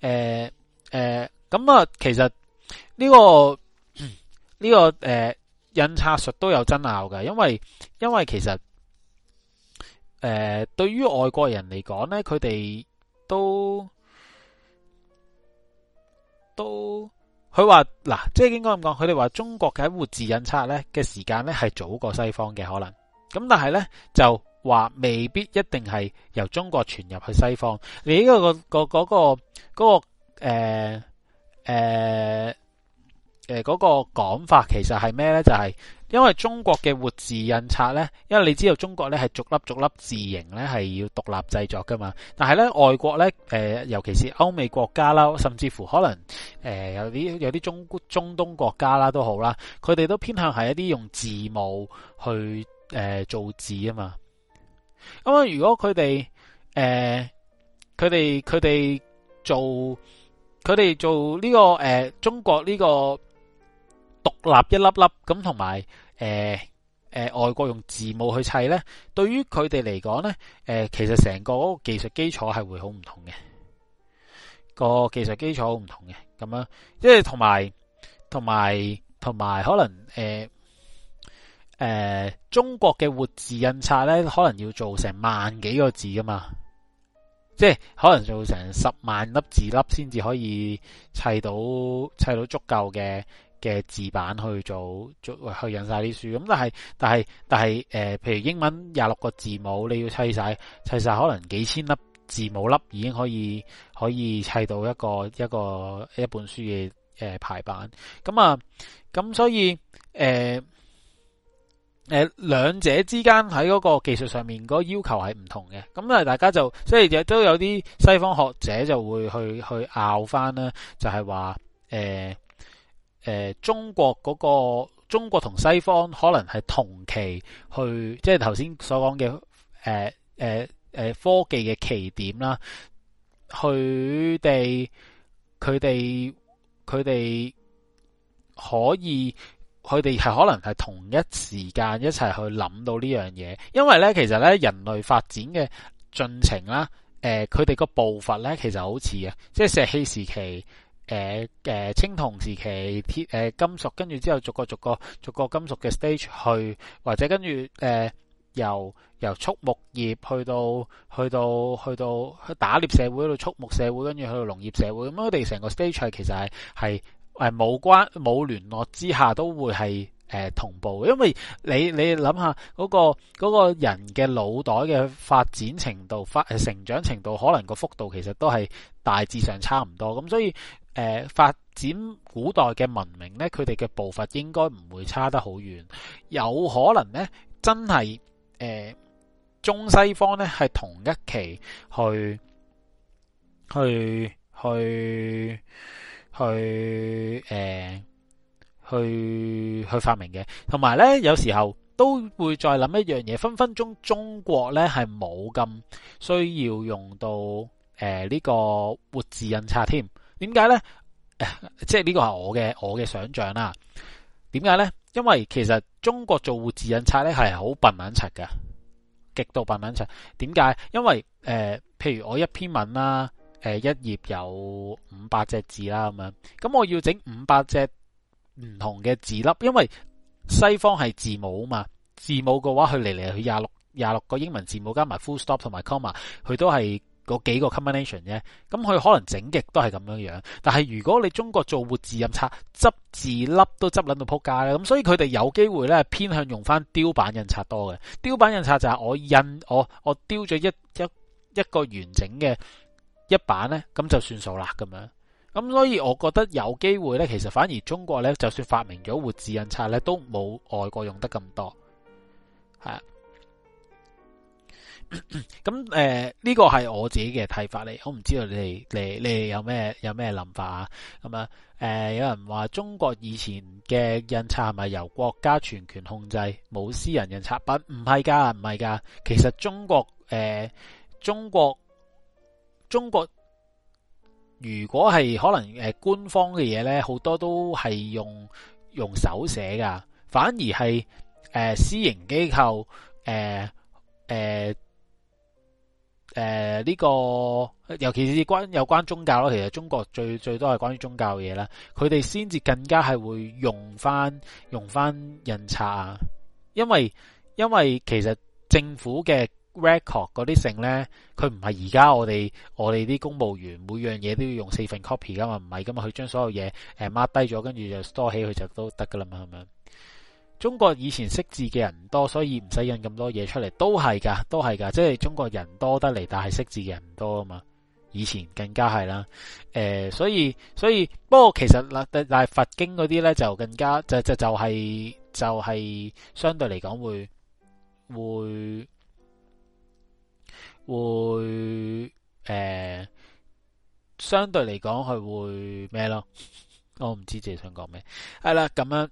誒、呃、誒，咁、呃、啊、呃，其實呢個呢個誒印刷術都有爭拗嘅，因為因為其實。誒、呃，對於外國人嚟講呢，佢哋都都佢話嗱，即係應該咁講，佢哋話中國嘅喺活字印刷呢嘅時間呢係早過西方嘅，可能，咁但係呢，就話未必一定係由中國傳入去西方，你呢、個個、嗰個、嗰個、嗰個誒誒誒嗰個講法其實係咩呢？就係、是。因為中國嘅活字印刷呢，因為你知道中國呢係逐粒逐粒字形呢係要獨立製作噶嘛，但係呢，外國呢，誒、呃、尤其是歐美國家啦，甚至乎可能誒、呃、有啲有啲中中東國家啦都好啦，佢哋都偏向係一啲用字母去誒、呃、做字啊嘛。咁啊，如果佢哋誒佢哋佢哋做佢哋做呢、這個誒、呃、中國呢、這個。獨立一粒粒咁，同埋誒誒，外國用字母去砌呢。對於佢哋嚟講呢誒，其實成個個技術基礎係會好唔同嘅，個技術基礎好唔同嘅咁樣，因為同埋同埋同埋，可能誒誒、呃呃，中國嘅活字印刷呢，可能要做成萬幾個字噶嘛，即係可能做成十萬粒字粒先至可以砌到砌到足夠嘅。嘅字版去做做去印晒啲書咁，但係但係但係誒，譬如英文廿六個字母，你要砌晒砌晒，可能幾千粒字母粒已經可以可以砌到一個一個一本書嘅誒、呃、排版咁、嗯、啊，咁、嗯、所以誒誒、呃呃、兩者之間喺嗰個技術上面嗰個要求係唔同嘅，咁、嗯、啊大家就即係亦都有啲西方學者就會去去拗返啦，就係話誒。呃誒、呃、中國嗰、個、中國同西方可能係同期去，即係頭先所講嘅誒誒誒科技嘅奇點啦。佢哋佢哋佢哋可以佢哋係可能係同一時間一齊去諗到呢樣嘢，因為咧其實咧人類發展嘅進程啦，誒佢哋個步伐咧其實好似呀，即係石器時期。誒誒、呃，青銅時期鐵誒、呃、金屬，跟住之後逐個逐個逐個金屬嘅 stage 去，或者跟住誒由由畜牧業去到去到去到去打獵社會，去到畜牧社會，跟住去到農業社會咁，我哋成個 stage 其實係係誒冇關冇聯絡之下都會係誒、呃、同步，因為你你諗下嗰個嗰、嗰個人嘅腦袋嘅發展程度發誒成長程度，可能個幅度其實都係大致上差唔多咁，所以。誒、呃，發展古代嘅文明呢，佢哋嘅步伐應該唔會差得好遠。有可能呢，真係誒、呃，中西方呢係同一期去去去去誒、呃、去去發明嘅。同埋呢，有時候都會再諗一樣嘢，分分鐘中國呢係冇咁需要用到誒呢、呃呢個活字印刷添。點解呢？即係呢個係我嘅我嘅想象啦。點解呢？因為其實中國做活字印刷呢係好笨撚柒嘅，極度笨撚柒。點解？因為誒、呃，譬如我一篇文啦，誒、呃，一頁有五百隻字啦咁樣。咁我要整五百隻唔同嘅字粒，因為西方係字母啊嘛。字母嘅話，佢嚟嚟去廿六廿六個英文字母加埋 full stop 同埋 comma，佢都係。嗰幾個 combination 啫，咁佢可能整極都係咁樣樣。但係如果你中國做活字印刷，執字粒都執撚到仆街咧，所以佢哋有機會咧偏向用返雕版印刷多嘅。雕版印刷就係我印我我雕咗一一一個完整嘅一版咧，咁就算數啦咁樣。咁所以我覺得有機會咧，其實反而中國咧，就算發明咗活字印刷咧，都冇外國用得咁多，係咁誒，呢、 嗯呃這個係我自己嘅睇法嚟，我唔知道你哋你你，你有咩有咩諗法啊？咁、嗯、啊，誒、呃，有人話中國以前嘅印刷係咪由國家全權控制，冇私人印刷品？唔係噶，唔係噶。其實中國誒、呃，中國中國如果係可能誒，官方嘅嘢咧，好多都係用用手寫噶，反而係誒、呃、私營機構誒誒。呃呃誒，呢、呃這個尤其是關有關宗教咯。其實中國最最多係關於宗教嘅嘢啦，佢哋先至更加係會用翻用翻印刷啊。因為因為其實政府嘅 record 嗰啲性咧，佢唔係而家我哋我哋啲公務員每樣嘢都要用四份 copy 噶嘛，唔係噶嘛，佢將所有嘢誒 mark 低咗，跟、呃、住就 store 起佢就都得噶啦嘛，係咪。中國以前識字嘅人唔多，所以唔使印咁多嘢出嚟，都係噶，都係噶，即係中國人多得嚟，但係識字嘅人唔多啊嘛。以前更加係啦，誒、呃，所以所以，不過其實啦，但但係佛經嗰啲咧就更加就就係就係、是就是、相對嚟講會會會誒、呃，相對嚟講佢會咩咯？我唔、哦、知自己想講咩，係啦咁樣，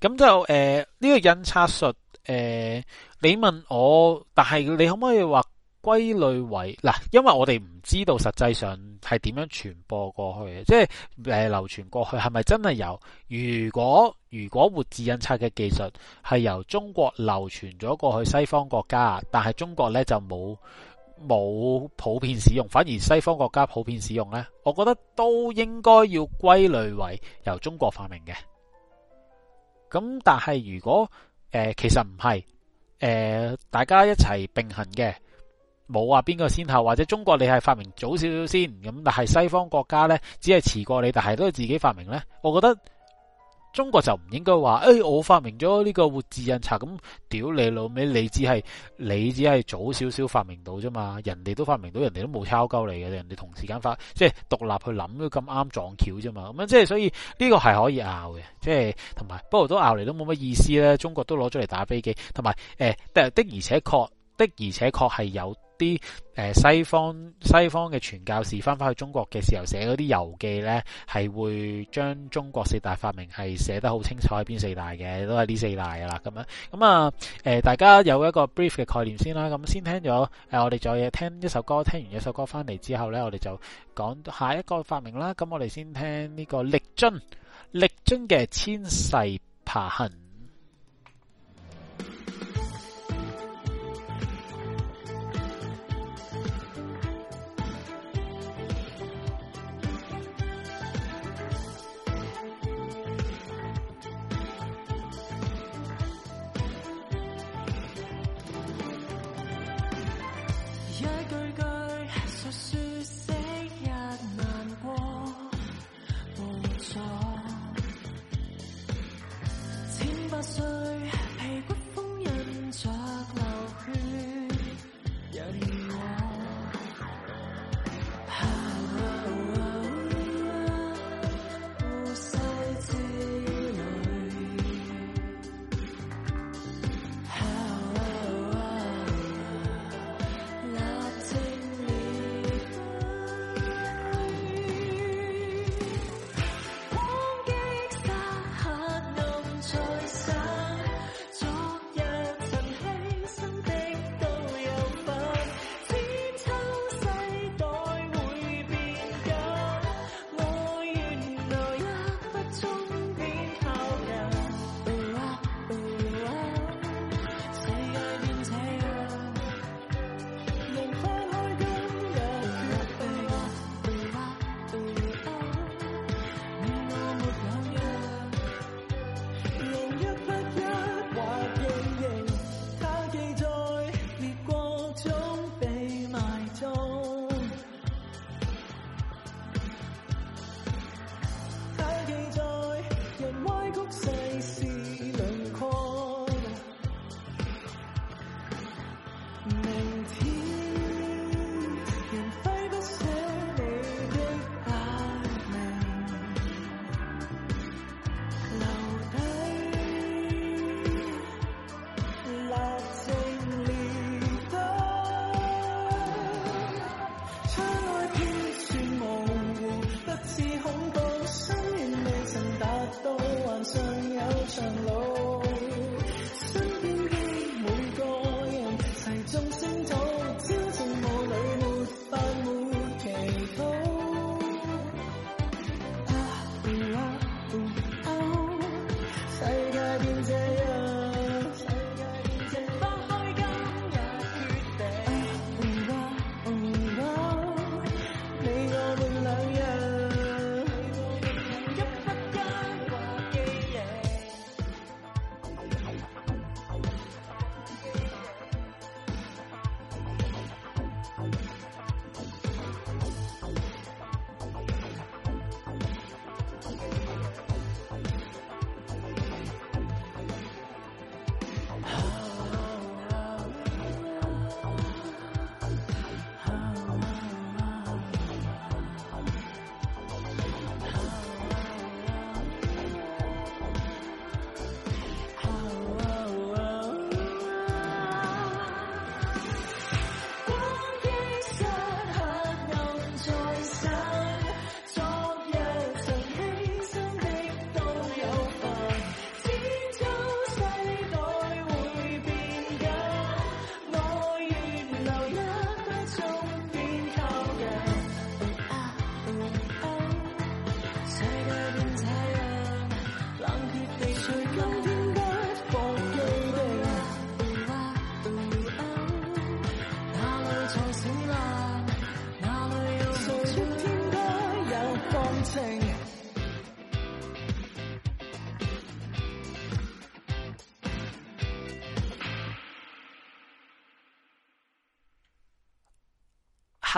咁就誒呢、呃這個印刷術誒、呃，你問我，但係你可唔可以話歸類為嗱？因為我哋唔知道實際上係點樣傳播過去嘅，即係誒流傳過去係咪真係由？如果如果活字印刷嘅技術係由中國流傳咗過去西方國家，但係中國呢就冇。冇普遍使用，反而西方國家普遍使用呢，我覺得都應該要歸類為由中國發明嘅。咁但係如果誒、呃、其實唔係，誒、呃、大家一齊並行嘅，冇話邊個先後，或者中國你係發明早少少先，咁但係西方國家呢，只係遲過你，但係都係自己發明呢，我覺得。中國就唔應該話，誒、哎、我發明咗呢個活字印刷，咁屌你老味，你只係你只係早少少發明到啫嘛，人哋都發明到，人哋都冇抄鳩你嘅，人哋同時間發，即係獨立去諗都咁啱撞巧啫嘛，咁樣即係所以呢、這個係可以拗嘅，即係同埋不過都拗嚟都冇乜意思啦，中國都攞咗嚟打飛機，同埋誒的的而且確的而且確係有。啲誒西方西方嘅傳教士翻翻去中國嘅時候寫嗰啲遊記呢，係會將中國四大發明係寫得好清楚，邊四大嘅都係呢四大噶啦咁樣。咁啊，誒大家有一個 brief 嘅概念先啦。咁先聽咗誒、啊，我哋再聽一首歌。聽完一首歌翻嚟之後呢，我哋就講下一個發明啦。咁我哋先聽呢個力鈞，力鈞嘅千世爬行。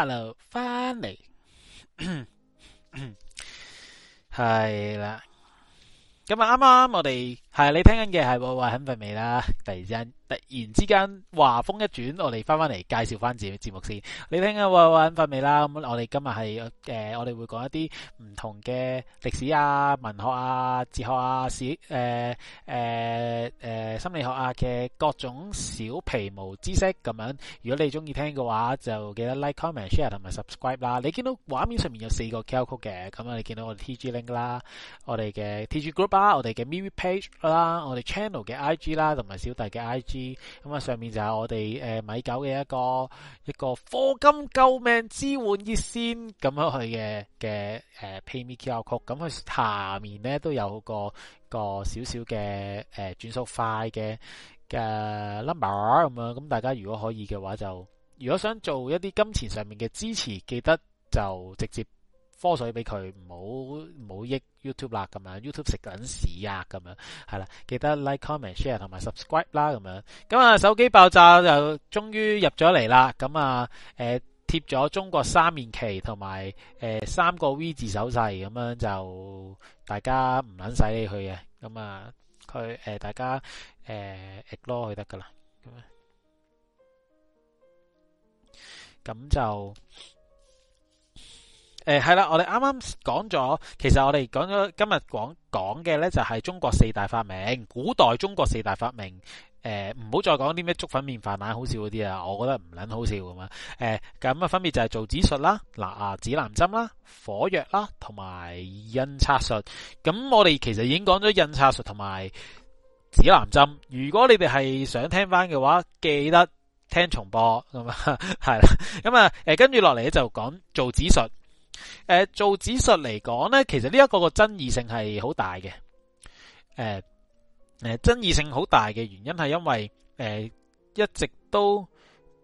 Hello 翻嚟，係啦。咁啊，啱啱我哋係你聽緊嘅係我話肯瞓未啦？第二陣。突然之間話風一轉，我哋翻翻嚟介紹翻自己節目先。你聽下喂喂喂肯瞓未啦？咁、嗯、我哋今日係誒我哋會講一啲唔同嘅歷史啊、文學啊、哲學啊、小誒誒誒心理學啊嘅各種小皮毛知識咁樣，如果你中意聽嘅話就記得 like、comment、share 同埋 subscribe 啦。你見到畫面上面有四個 QR code 嘅，咁啊，你見到我哋 T G link 啦，我哋嘅 T G group 啦，我哋嘅 MeWe page 啦，我哋 channel 嘅 I G 啦，同埋小弟嘅 I G。咁啊，上面就係我哋誒米九嘅一個一個課金救命支援熱線咁樣去嘅嘅誒 p a y m e QR code，咁佢下面咧都有一個一個少少嘅誒轉速快嘅嘅 number 咁樣，咁大家如果可以嘅話就，如果想做一啲金錢上面嘅支持，記得就直接。科水俾佢，唔好唔好益 YouTube 啦，咁樣 YouTube 食緊屎啊，咁樣係啦，記得 Like comment, share,、Comment、Share 同埋 Subscribe 啦，咁樣咁啊，手機爆炸就終於入咗嚟啦，咁啊，誒貼咗中國三面旗同埋誒三個 V 字手勢，咁樣就大家唔撚使你去嘅，咁啊佢誒大家誒 ignore 佢得㗎啦，咁、呃、就,就。誒，係啦、嗯，我哋啱啱講咗，其實我哋講咗今日講講嘅呢，就係中國四大發明，古代中國四大發明。誒、呃，唔好再講啲咩粥粉麵飯奶、啊、好笑嗰啲啊，我覺得唔撚好笑咁啊。誒、呃，咁啊，分別就係造紙術啦，嗱啊，指南針啦，火藥啦，同埋印刷術。咁我哋其實已經講咗印刷術同埋指南針。如果你哋係想聽返嘅話，記得聽重播咁啊，係、嗯、啦。咁、嗯、啊，誒，跟住落嚟咧就講造紙術。誒、呃，造紙術嚟講咧，其實呢一個個爭議性係好大嘅。誒、呃、誒，爭議性好大嘅原因係因為誒、呃，一直都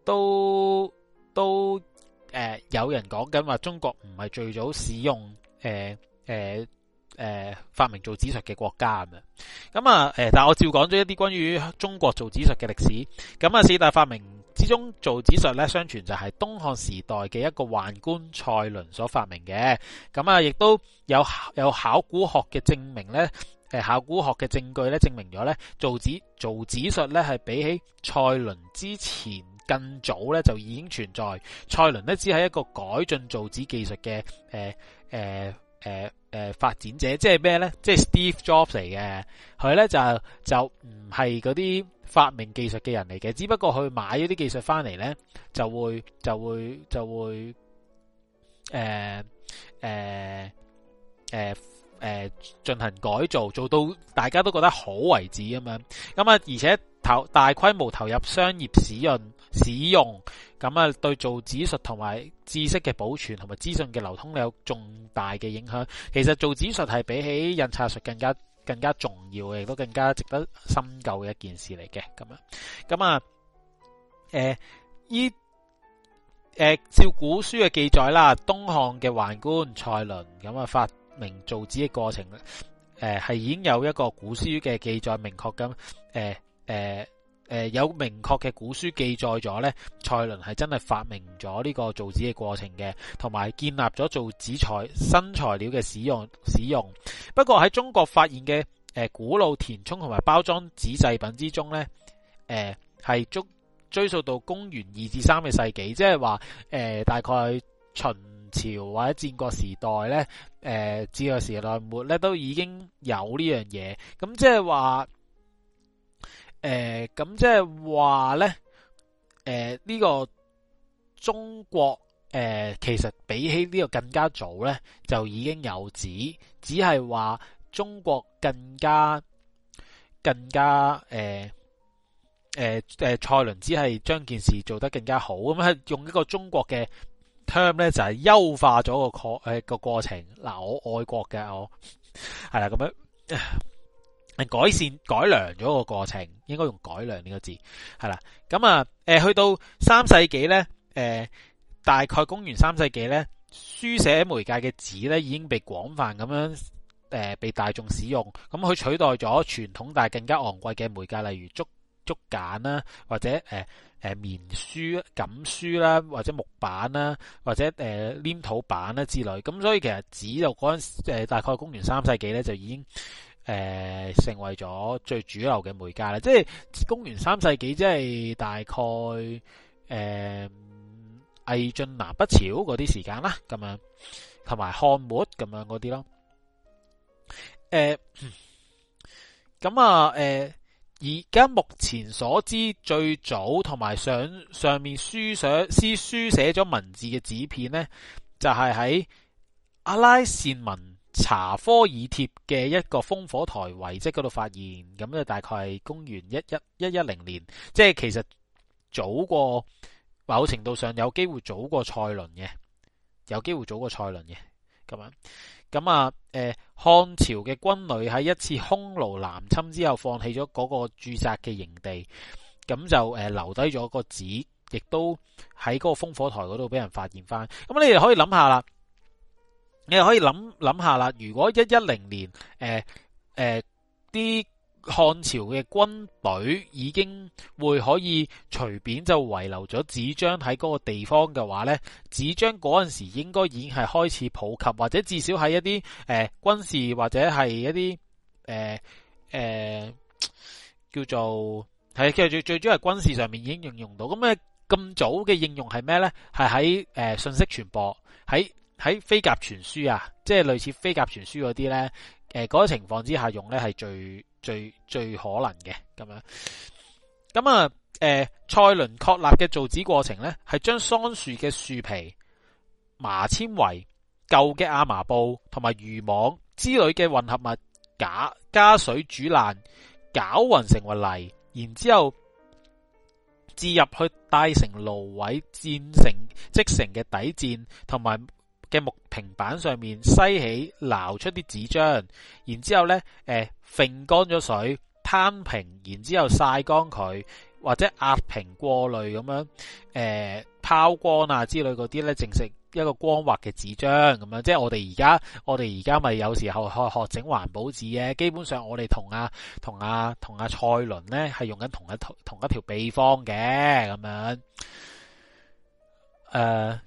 都都誒、呃，有人講緊話中國唔係最早使用誒誒誒發明造紙術嘅國家咁啊。咁、嗯、啊，誒、嗯嗯，但係我照講咗一啲關於中國造紙術嘅歷史，咁、嗯、啊，四大發明。之中造紙術咧，相傳就係東漢時代嘅一個宦官蔡倫所發明嘅。咁啊，亦都有有考古學嘅證明咧，誒考古學嘅證據咧，證明咗咧造紙造紙術咧，係比起蔡倫之前更早咧，就已經存在。蔡倫咧只係一個改進造紙技術嘅誒誒誒誒發展者，即係咩咧？即係 Steve Jobs 嚟嘅，佢咧就就唔係嗰啲。發明技術嘅人嚟嘅，只不過去買嗰啲技術翻嚟呢，就會就會就會，誒誒誒進行改造，做到大家都覺得好為止咁樣。咁啊，而且投大規模投入商業使用，使用咁啊，對造紙術同埋知識嘅保存同埋資訊嘅流通，有重大嘅影響。其實造紙術係比起印刷術更加。更加重要，嘅，亦都更加值得深究嘅一件事嚟嘅，咁樣，咁啊，誒、呃，依，誒、呃，照古書嘅記載啦，東漢嘅宦官蔡倫咁啊發明造紙嘅過程，誒、呃，係已經有一個古書嘅記載明確咁，誒、呃，誒、呃。誒、呃、有明確嘅古書記載咗呢，蔡倫係真係發明咗呢個造紙嘅過程嘅，同埋建立咗造紙材新材料嘅使用使用。不過喺中國發現嘅誒、呃、古老填充同埋包裝紙製品之中呢，誒係追追溯到公元二至三嘅世紀，即係話誒大概秦朝或者戰國時代呢，誒、呃、至嗰個時代末呢，都已經有呢樣嘢，咁即係話。誒，咁即係話咧，誒呢、呃，這個中國誒、呃，其實比起呢個更加早咧，就已經有紙，只係話中國更加更加誒誒誒蔡倫只係將件事做得更加好咁樣，用一個中國嘅 term 咧就係、是、優化咗個過，誒、呃、個過程。嗱、呃，我愛國嘅我係啦，咁樣。改善改良咗個過程，應該用改良呢個字係啦。咁啊，誒、呃，去到三世紀呢，誒、呃，大概公元三世紀呢，書寫媒介嘅紙呢已經被廣泛咁樣誒，被大眾使用。咁佢取代咗傳統但係更加昂貴嘅媒介，例如竹竹簡啦，或者誒誒、呃、棉書、錦書啦，或者木板啦，或者誒、呃、黏土板啦之類。咁所以其實紙就嗰陣誒，大概公元三世紀呢，就已經。誒、呃，成為咗最主流嘅媒介啦，即係公元三世紀，即係大概誒、呃、魏晉南北朝嗰啲時間啦，咁樣同埋漢末咁樣嗰啲咯。誒、呃，咁、嗯、啊，誒、呃，而家目前所知最早同埋上上面書寫、詩書寫咗文字嘅紙片咧，就係、是、喺阿拉善文查科爾帖嘅一個烽火台遺跡嗰度發現，咁就大概係公元一一一一零年，即係其實早過某程度上有機會早過蔡倫嘅，有機會早過蔡倫嘅咁樣。咁啊，誒漢朝嘅軍隊喺一次匈奴南侵之後，放棄咗嗰個駐紮嘅營地，咁就誒、呃、留低咗個紙，亦都喺嗰個烽火台嗰度俾人發現翻。咁你哋可以諗下啦。你又可以諗諗下啦，如果一一零年，誒誒啲漢朝嘅軍隊已經會可以隨便就遺留咗紙張喺嗰個地方嘅話呢，紙張嗰陣時應該已經係開始普及，或者至少係一啲誒軍事或者係一啲誒誒叫做係，其實最最主要係軍事上面已經應用到。咁咧，咁早嘅應用係咩呢？係喺誒信息傳播喺。喺飛鴿傳書啊，即係類似飛鴿傳書嗰啲呢，誒、呃、嗰、那個情況之下用呢係最最最可能嘅咁樣。咁啊，誒、呃，蔡倫確立嘅造紙過程呢，係將桑樹嘅樹皮、麻纖維、舊嘅亞麻布同埋漁網之類嘅混合物，假加，加水煮爛，攪勻成為泥，然之後置入去大成蘆葦、戰成即成嘅底墊，同埋，嘅木平板上面篩起撈出啲紙張，然之後呢，誒、呃，揈乾咗水攤平，然之後曬乾佢，或者壓平過濾咁樣，誒、呃，拋光啊之類嗰啲呢，淨係一個光滑嘅紙張咁樣。即係我哋而家，我哋而家咪有時候學學，學整環保紙嘅，基本上我哋同阿同阿同阿蔡倫呢，係用緊同一同同一條秘方嘅咁樣。誒、呃，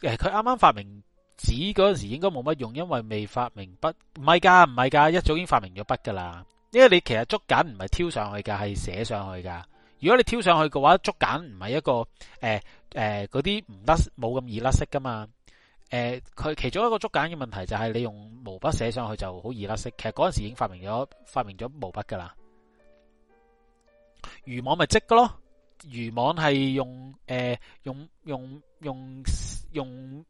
佢啱啱發明紙嗰陣時應該冇乜用，因為未發明筆，唔係噶，唔係噶，一早已經發明咗筆噶啦。因為你其實竹簡唔係挑上去噶，係寫上去噶。如果你挑上去嘅話，竹簡唔係一個誒誒，嗰啲唔得，冇咁易甩色噶嘛。誒、呃，佢其中一個竹簡嘅問題就係你用毛筆寫上去就好易甩色。其實嗰陣時已經發明咗發明咗毛筆噶啦。漁網咪織噶咯，漁網係用誒用用用用。呃用用用用用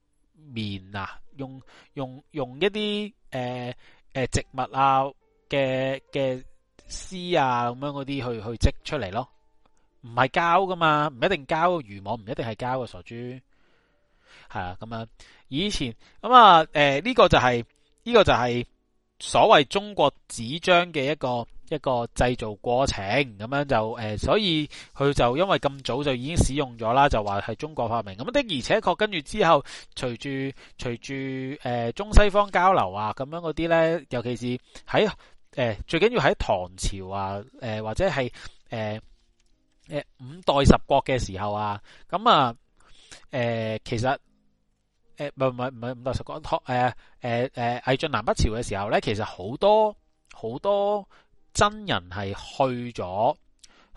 面啊，用用用一啲誒誒植物啊嘅嘅絲啊咁樣嗰啲去去織出嚟咯，唔係膠噶嘛，唔一定膠，漁網唔一定係膠啊傻豬，係啊咁啊，以前咁啊誒呢個就係呢個就係所謂中國紙張嘅一個。一個製造過程咁樣就誒、呃，所以佢就因為咁早就已經使用咗啦，就話係中國發明咁。的而且確，跟住之後，隨住隨住誒、呃、中西方交流啊，咁樣嗰啲咧，尤其是喺誒、呃、最緊要喺唐朝啊，誒、呃、或者係誒誒五代十國嘅時候啊，咁啊誒、呃、其實誒唔係唔係唔係五代十國唐誒誒誒魏晉南北朝嘅時候咧，其實好多好多。真人係去咗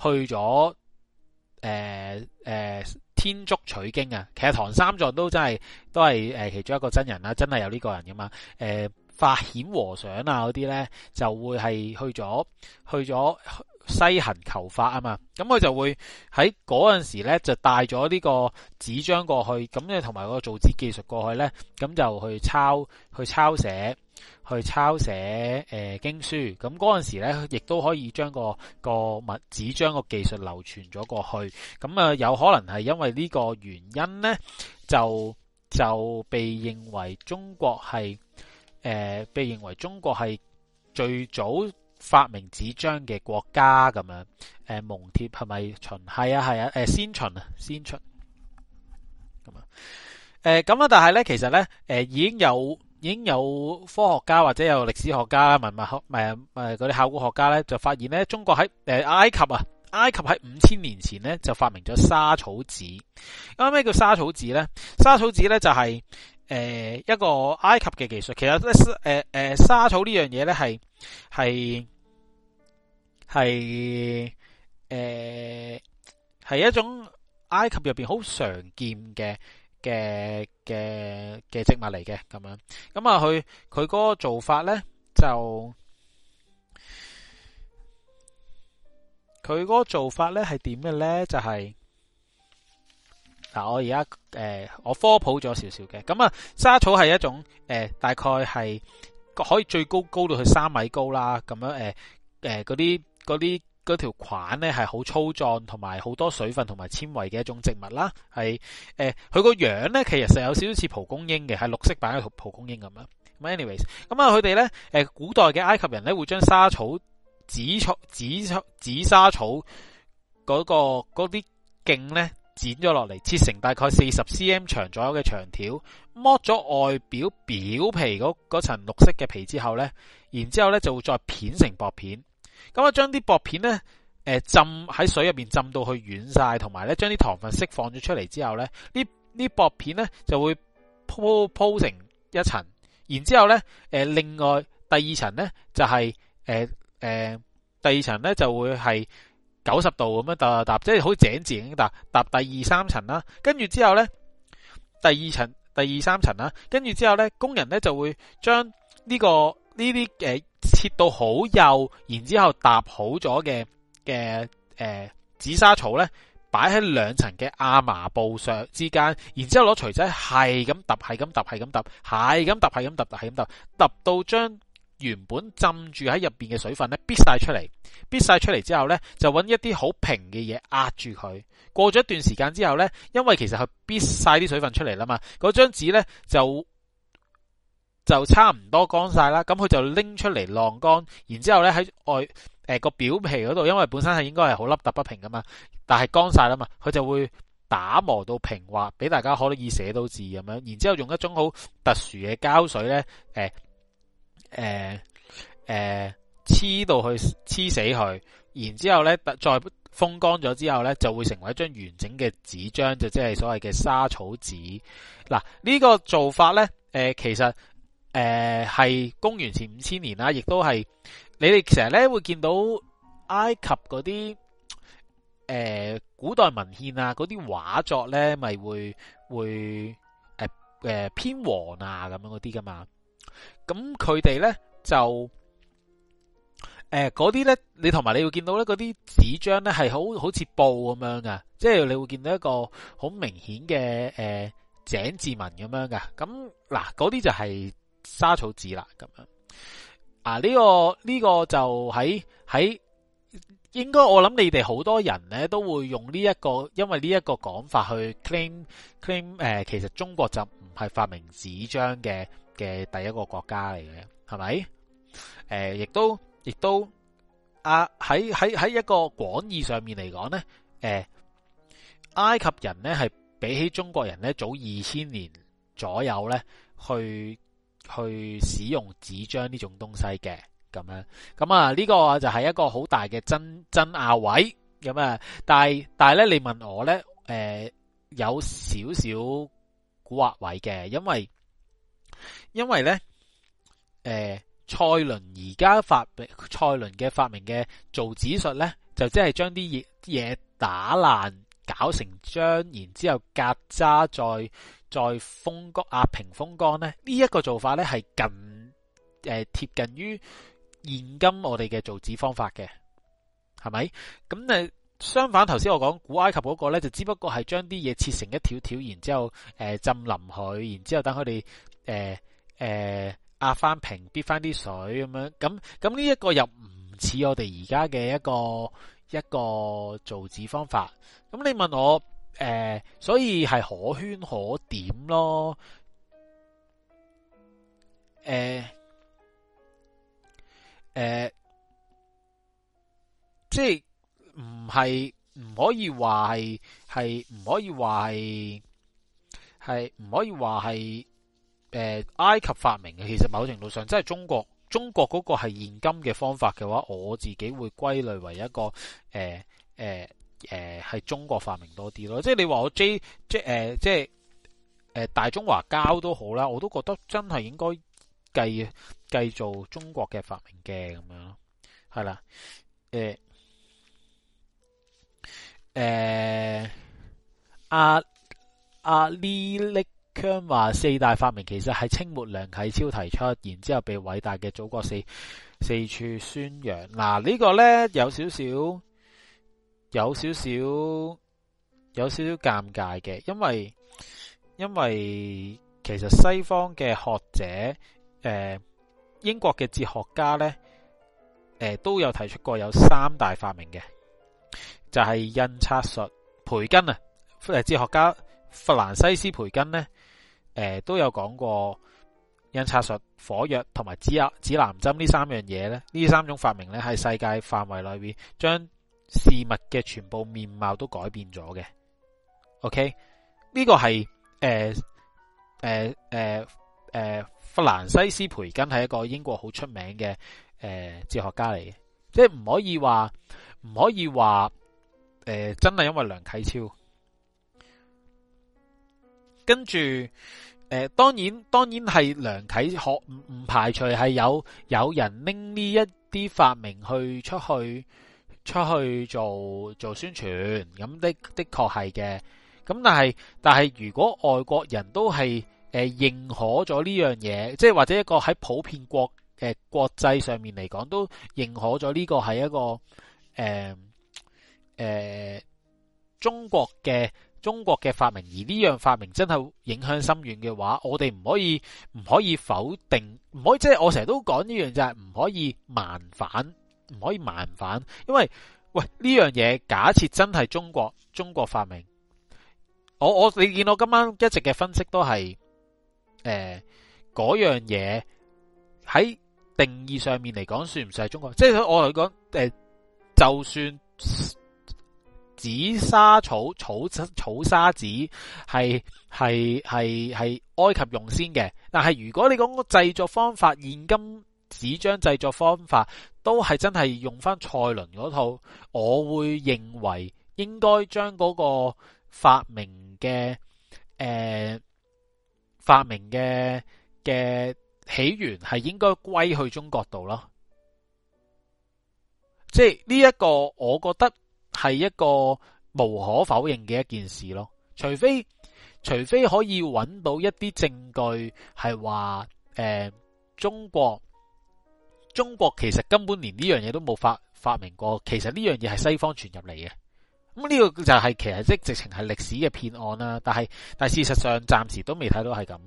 去咗，誒、呃、誒、呃，天竺取經啊！其實唐三藏都真係都係誒其中一個真人啦，真係有呢個人噶嘛？誒、呃，法顯和尚啊嗰啲呢，就會係去咗去咗西行求法啊嘛。咁佢就會喺嗰陣時呢，就帶咗呢個紙張過去，咁呢，同埋個造紙技術過去呢，咁就去抄去抄寫。去抄寫誒、呃、經書，咁嗰陣時咧，亦都可以將個個墨紙張個技術流傳咗過去，咁、嗯、啊、呃、有可能係因為呢個原因咧，就就被認為中國係誒、呃、被認為中國係最早發明紙張嘅國家咁樣。誒、呃、蒙帖係咪秦？係啊係啊，誒先秦啊先出。咁啊。誒咁啦，但係咧其實咧，誒、呃、已經有。已經有科學家或者有歷史學家、文物學、唔係唔係嗰啲考古學家咧，就發現咧，中國喺誒埃及啊，埃及喺五千年前咧就發明咗沙草紙。咁咩叫沙草紙咧？沙草紙咧就係、是、誒、呃、一個埃及嘅技術。其實咧，誒、呃、誒、呃、沙草呢樣嘢咧係係係誒係一種埃及入邊好常見嘅。嘅嘅嘅植物嚟嘅咁樣，咁啊佢佢個做法咧就佢個做法咧係點嘅咧就係、是、嗱、啊、我而家誒我科普咗少少嘅，咁啊莎草係一種誒、呃、大概係可以最高高到去三米高啦，咁樣誒誒啲啲。呃呃嗰條款咧係好粗壯，同埋好多水分同埋纖維嘅一種植物啦。係誒，佢、呃、個樣咧其實有少少似蒲公英嘅，係綠色版嘅蒲公英咁樣。咁 anyways，咁啊佢哋咧誒，古代嘅埃及人咧會將沙草、紫草、紫，紫，紫草、嗰個、紫沙草嗰個嗰啲莖咧剪咗落嚟，切成大概四十 cm 長左右嘅長條，剝咗外表表皮嗰嗰層綠色嘅皮之後咧，然之後咧就會再片成薄片。咁啊，將啲薄片咧，誒，浸喺水入邊，浸到佢軟晒，同埋咧，將啲糖分釋放咗出嚟之後咧，呢呢薄片咧就會鋪鋪成一層，然之後咧，誒，另外第二層咧就係，誒、呃、誒、呃，第二層咧就會係九十度咁樣搭搭，即係好似井字咁搭搭第二三層啦，跟住之後咧，第二層第二三層啦，跟住之後咧，工人咧就會將呢個。呢啲嘅切到好幼，然之後搭好咗嘅嘅誒紫砂草呢，擺喺兩層嘅亞麻布上之間，然之後攞錘仔係咁揼，係咁揼，係咁揼，係咁揼，係咁揼，揼揼到將原本浸住喺入邊嘅水分呢，逼晒出嚟。逼晒出嚟之後呢，就揾一啲好平嘅嘢壓住佢。過咗一段時間之後呢，因為其實佢逼晒啲水分出嚟啦嘛，嗰張紙呢就。就差唔多乾晒啦，咁佢就拎出嚟晾乾，然之後呢喺外誒、呃、個表皮嗰度，因為本身係應該係好凹凸不平噶嘛，但係乾晒啦嘛，佢就會打磨到平滑，俾大家可以寫到字咁樣。然之後用一種好特殊嘅膠水呢，誒誒黐到去黐死佢，然之後呢，再風乾咗之後呢，就會成為一張完整嘅紙張，就即係所謂嘅莎草紙。嗱呢、呢個做法呢，誒、呃、其實。誒，係、呃、公元前五千年啦、啊，亦都係你哋成日咧會見到埃及嗰啲誒古代文獻啊，嗰啲畫作咧，咪會會誒誒、呃呃、偏黃啊咁樣嗰啲噶嘛？咁佢哋咧就誒嗰啲咧，你同埋你會見到咧嗰啲紙張咧係好好似布咁樣噶，即係你會見到一個好明顯嘅誒井字紋咁樣噶。咁嗱，嗰啲就係、是。沙草紙啦咁樣啊，呢個呢個就喺喺，應該我諗你哋好多人咧都會用呢一個，因為呢一個講法去 claim claim 誒，其實中國就唔係發明紙張嘅嘅第一個國家嚟嘅，係咪？誒，亦都亦都啊，喺喺喺一個廣義上面嚟講咧，誒，埃及人咧係比起中國人咧早二千年左右咧去去使用紙張呢種東西嘅咁樣，咁啊呢、呢個啊就係、是、一個好大嘅真真壓位咁啊，但係但係咧，你問我咧，誒、呃、有少少古惑位嘅，因為因為咧，誒、呃、蔡倫而家發蔡倫嘅發明嘅造紙術咧，就即係將啲嘢嘢打爛，搞成漿，然之後夾渣再。再風乾、壓平、風乾呢，呢、呢、一個做法呢，係近誒貼近於現今我哋嘅造紙方法嘅，係咪？咁誒、呃、相反，頭先我講古埃及嗰個咧，就只不過係將啲嘢切成一條條，然之後誒、呃、浸淋佢，然之後等佢哋誒誒壓翻平，搣翻啲水咁樣。咁咁呢一個又唔似我哋而家嘅一個一個造紙方法。咁你問我？誒、呃，所以係可圈可點咯。誒、呃，誒、呃，即係唔係唔可以話係係唔可以話係係唔可以話係誒埃及發明嘅。其實某程度上，即係中國中國嗰個係現今嘅方法嘅話，我自己會歸類為一個誒誒。呃呃誒，係、呃、中國發明多啲咯，即係你話我 J 即誒、呃，即係誒、呃呃、大中華膠都好啦，我都覺得真係應該繼繼做中國嘅發明嘅咁樣咯，係啦，誒誒阿阿李立強話四大發明其實係清末梁啟超提出，然後之後被偉大嘅祖國四四處宣揚，嗱、這個、呢個咧有少少。有少少有少少尷尬嘅，因為因為其實西方嘅學者，誒、呃、英國嘅哲學家咧，誒、呃、都有提出過有三大發明嘅，就係、是、印刷術，培根啊，誒哲學家弗蘭西斯培根咧，誒、呃、都有講過印刷術、火藥同埋指指南針呢三樣嘢咧，呢三種發明咧係世界範圍裏邊將。事物嘅全部面貌都改變咗嘅，OK？呢個係誒誒誒誒，弗、呃呃呃呃、蘭西斯培根係一個英國好出名嘅誒、呃、哲學家嚟嘅，即係唔可以話唔可以話誒、呃、真係因為梁啟超，跟住誒、呃、當然當然係梁啟超唔排除係有有人拎呢一啲發明去出去。出去做做宣傳，咁的的確係嘅。咁但係但係，如果外國人都係誒、呃、認可咗呢樣嘢，即係或者一個喺普遍國誒、呃、國際上面嚟講，都認可咗呢個係一個誒誒、呃呃、中國嘅中國嘅發明。而呢樣發明真係影響深遠嘅話，我哋唔可以唔可以否定，唔可以即係、就是、我成日都講呢樣就係、是、唔可以盲反。唔可以盲反，因為喂呢樣嘢，假設真係中國中國發明，我我你見到今晚一直嘅分析都係，誒嗰樣嘢喺定義上面嚟講，算唔算係中國？即係我嚟講，誒、呃、就算紫砂草草草，草沙紙係係係係埃及用先嘅，但係如果你講個製作方法，現今。紙張製作方法都係真係用翻蔡倫嗰套。我會認為應該將嗰個發明嘅誒、呃、發明嘅嘅起源係應該歸去中國度咯。即係呢一個，我覺得係一個無可否認嘅一件事咯。除非除非可以揾到一啲證據係話誒中國。中國其實根本連呢樣嘢都冇發發明過，其實呢樣嘢係西方傳入嚟嘅。咁、這、呢個就係、是、其實即直情係歷史嘅騙案啦。但係但係事實上暫時都未睇到係咁。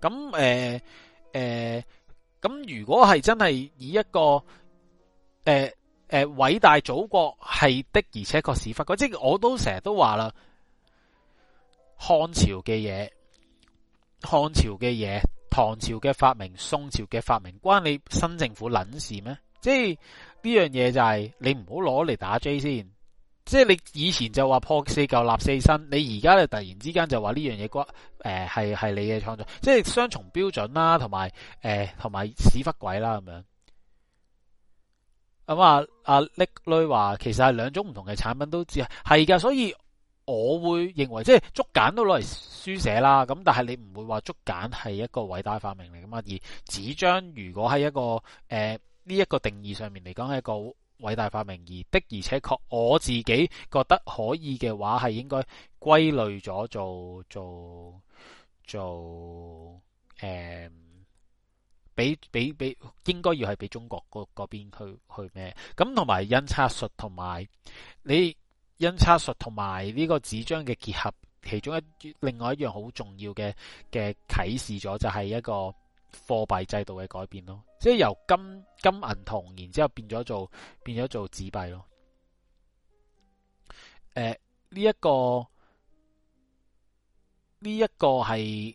咁誒誒、咁、呃呃嗯、如果係真係以一個誒誒、呃呃、偉大祖國係的而且確是發過，即我都成日都話啦，漢朝嘅嘢，漢朝嘅嘢。唐朝嘅發明、宋朝嘅發明，關你新政府撚事咩？即係呢樣嘢就係、是、你唔好攞嚟打 J 先，即係你以前就話破四舊立四新，你而家咧突然之間就話呢樣嘢關誒係係你嘅創造，即係雙重標準啦，同埋誒同埋屎忽鬼啦咁樣。咁啊阿、啊、力女話其實係兩種唔同嘅產品都知係噶，所以。我會認為即係竹簡都攞嚟書寫啦，咁但係你唔會話竹簡係一個偉大發明嚟噶嘛？而紙張如果喺一個誒呢一個定義上面嚟講係一個偉大發明，而的而且確我自己覺得可以嘅話，係應該歸類咗做做做誒、呃，俾俾俾應該要係俾中國嗰嗰邊去去咩？咁同埋印刷術，同埋你。印刷術同埋呢個紙張嘅結合，其中一另外一樣好重要嘅嘅啟示咗，就係一個貨幣制度嘅改變咯，即係由金金銀銅，然之後變咗做變咗做紙幣咯。誒、呃，呢一個呢一個係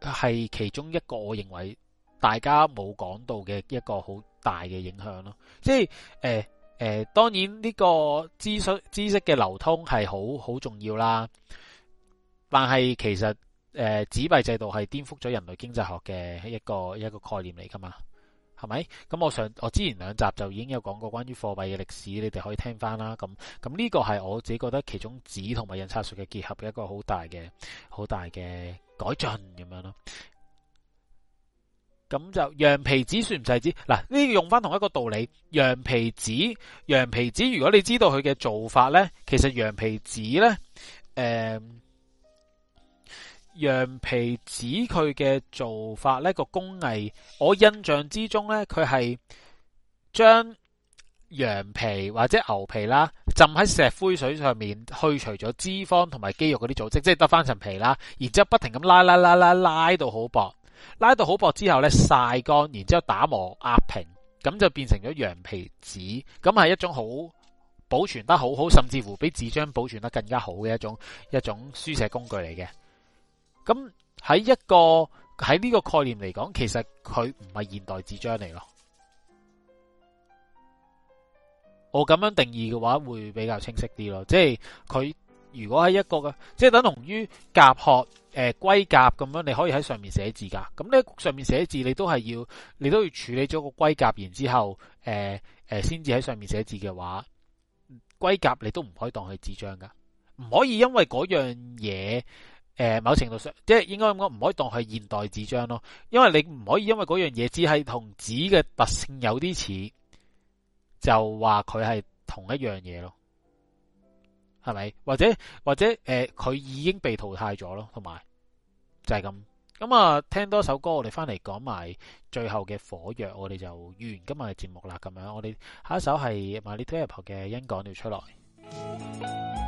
係其中一個，我認為大家冇講到嘅一個好大嘅影響咯，即係誒。呃誒、呃，當然呢個資訊知識嘅流通係好好重要啦，但係其實誒紙、呃、幣制度係顛覆咗人類經濟學嘅一個一個概念，嚟㗎嘛，係咪？咁我上我之前兩集就已經有講過關於貨幣嘅歷史，你哋可以聽翻啦。咁咁呢個係我自己覺得其中紙同埋印刷術嘅結合嘅一個好大嘅好大嘅改進咁樣咯。咁就羊皮紙算唔算紙嗱，呢用翻同一個道理，羊皮紙，羊皮紙。如果你知道佢嘅做法呢，其實羊皮紙呢，誒、呃，羊皮紙佢嘅做法呢個工藝，我印象之中呢，佢係將羊皮或者牛皮啦，浸喺石灰水上面去除咗脂肪同埋肌肉嗰啲組織，即係得翻層皮啦，然之後不停咁拉拉拉拉拉到好薄。拉到好薄之後呢，曬乾，然之後打磨壓平，咁就變成咗羊皮紙。咁係一種好保存得好好，甚至乎比紙張保存得更加好嘅一種一種書寫工具嚟嘅。咁喺一個喺呢個概念嚟講，其實佢唔係現代紙張嚟咯。我咁樣定義嘅話，會比較清晰啲咯。即係佢如果喺一個嘅，即係等同於甲殼。誒，龜甲咁樣你可以喺上面寫字噶，咁、嗯、咧上面寫字你都係要，你都要處理咗個龜甲然之後，誒、呃、誒，先至喺上面寫字嘅話，龜甲你都唔可以當佢紙張噶，唔可以因為嗰樣嘢，誒、呃，某程度上即係應該咁講，唔可以當佢現代紙張咯，因為你唔可以因為嗰樣嘢只係同紙嘅特性有啲似，就話佢係同一樣嘢咯，係咪？或者或者誒，佢、呃、已經被淘汰咗咯，同埋。就係咁，咁、嗯、啊聽多首歌，我哋返嚟講埋最後嘅火藥，我哋就完今日嘅節目啦。咁樣，我哋下一首係《My Little Apple》嘅《恩港》要出來。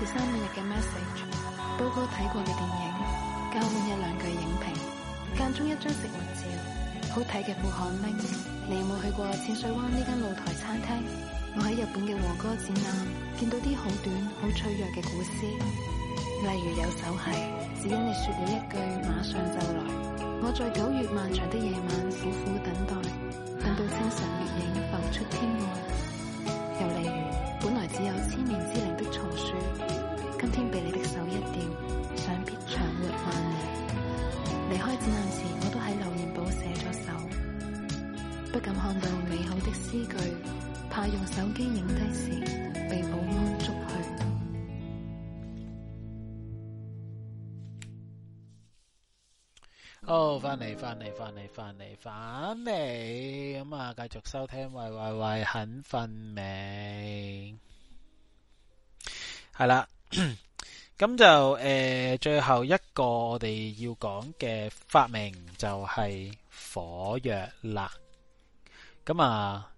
第三日嘅 message，報告睇過嘅電影，交換一兩句影評，間中一張植物照，好睇嘅報刊名，你有冇去過淺水灣呢間露台餐廳？我喺日本嘅和歌展覽見到啲好短、好脆弱嘅古詩，例如有首係，只因你說了一句馬上就來。我在九月漫長的夜晚苦苦等待，等到清晨月夜。哦，翻嚟翻嚟翻嚟翻嚟，反嚟。咁啊！繼、嗯、續收聽，喂喂喂，很瞓明肯瞓未。係啦、嗯，咁就誒，最後一個我哋要講嘅發明就係火藥啦。咁啊，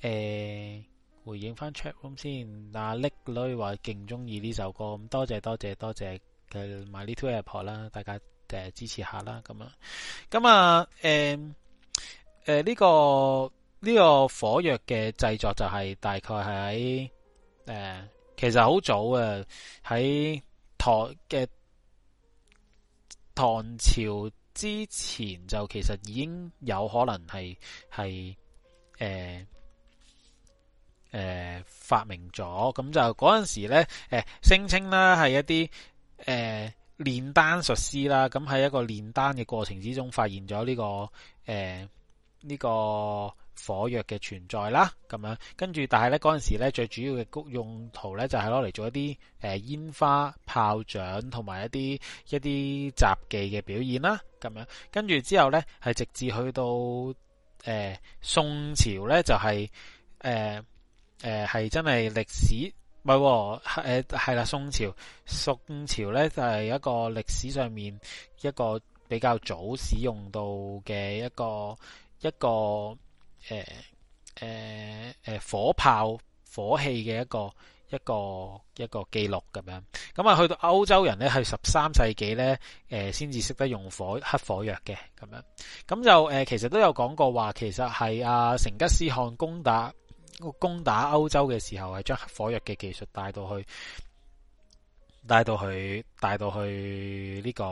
誒、嗯，回應翻 c h e c roomchat room 先。阿、呃、叻女話勁中意呢首歌，咁多謝多謝多謝嘅 my little a p papp 啦，大家。誒，支持下啦，咁、嗯、啊，咁、嗯、啊，誒、嗯，誒、這個，呢個呢個火藥嘅製作就係大概喺誒、嗯，其實好早啊，喺唐嘅唐朝之前就其實已經有可能係係誒誒發明咗，咁、嗯、就嗰陣時咧，誒、嗯，聲稱啦係一啲誒。嗯煉丹術師啦，咁喺一個煉丹嘅過程之中發現咗呢個誒呢個火藥嘅存在啦，咁樣跟住，但係咧嗰陣時咧最主要嘅谷用途咧就係攞嚟做一啲誒煙花炮仗同埋一啲一啲雜技嘅表演啦，咁樣跟住之後咧係直至去到誒宋朝咧就係誒誒係真係歷史。唔係喎，係誒係啦，宋朝，宋朝呢就係一個歷史上面一個比較早使用到嘅一個一個誒誒、欸欸、火炮火器嘅一個一個一個記錄咁樣。咁啊，去到歐洲人呢，係十三世紀呢誒先至識得用火黑火藥嘅咁樣。咁就誒其實都有講過話，其實係阿成吉思汗攻打。個攻打歐洲嘅時候，係將火藥嘅技術帶到去，帶到去，帶到去呢、這個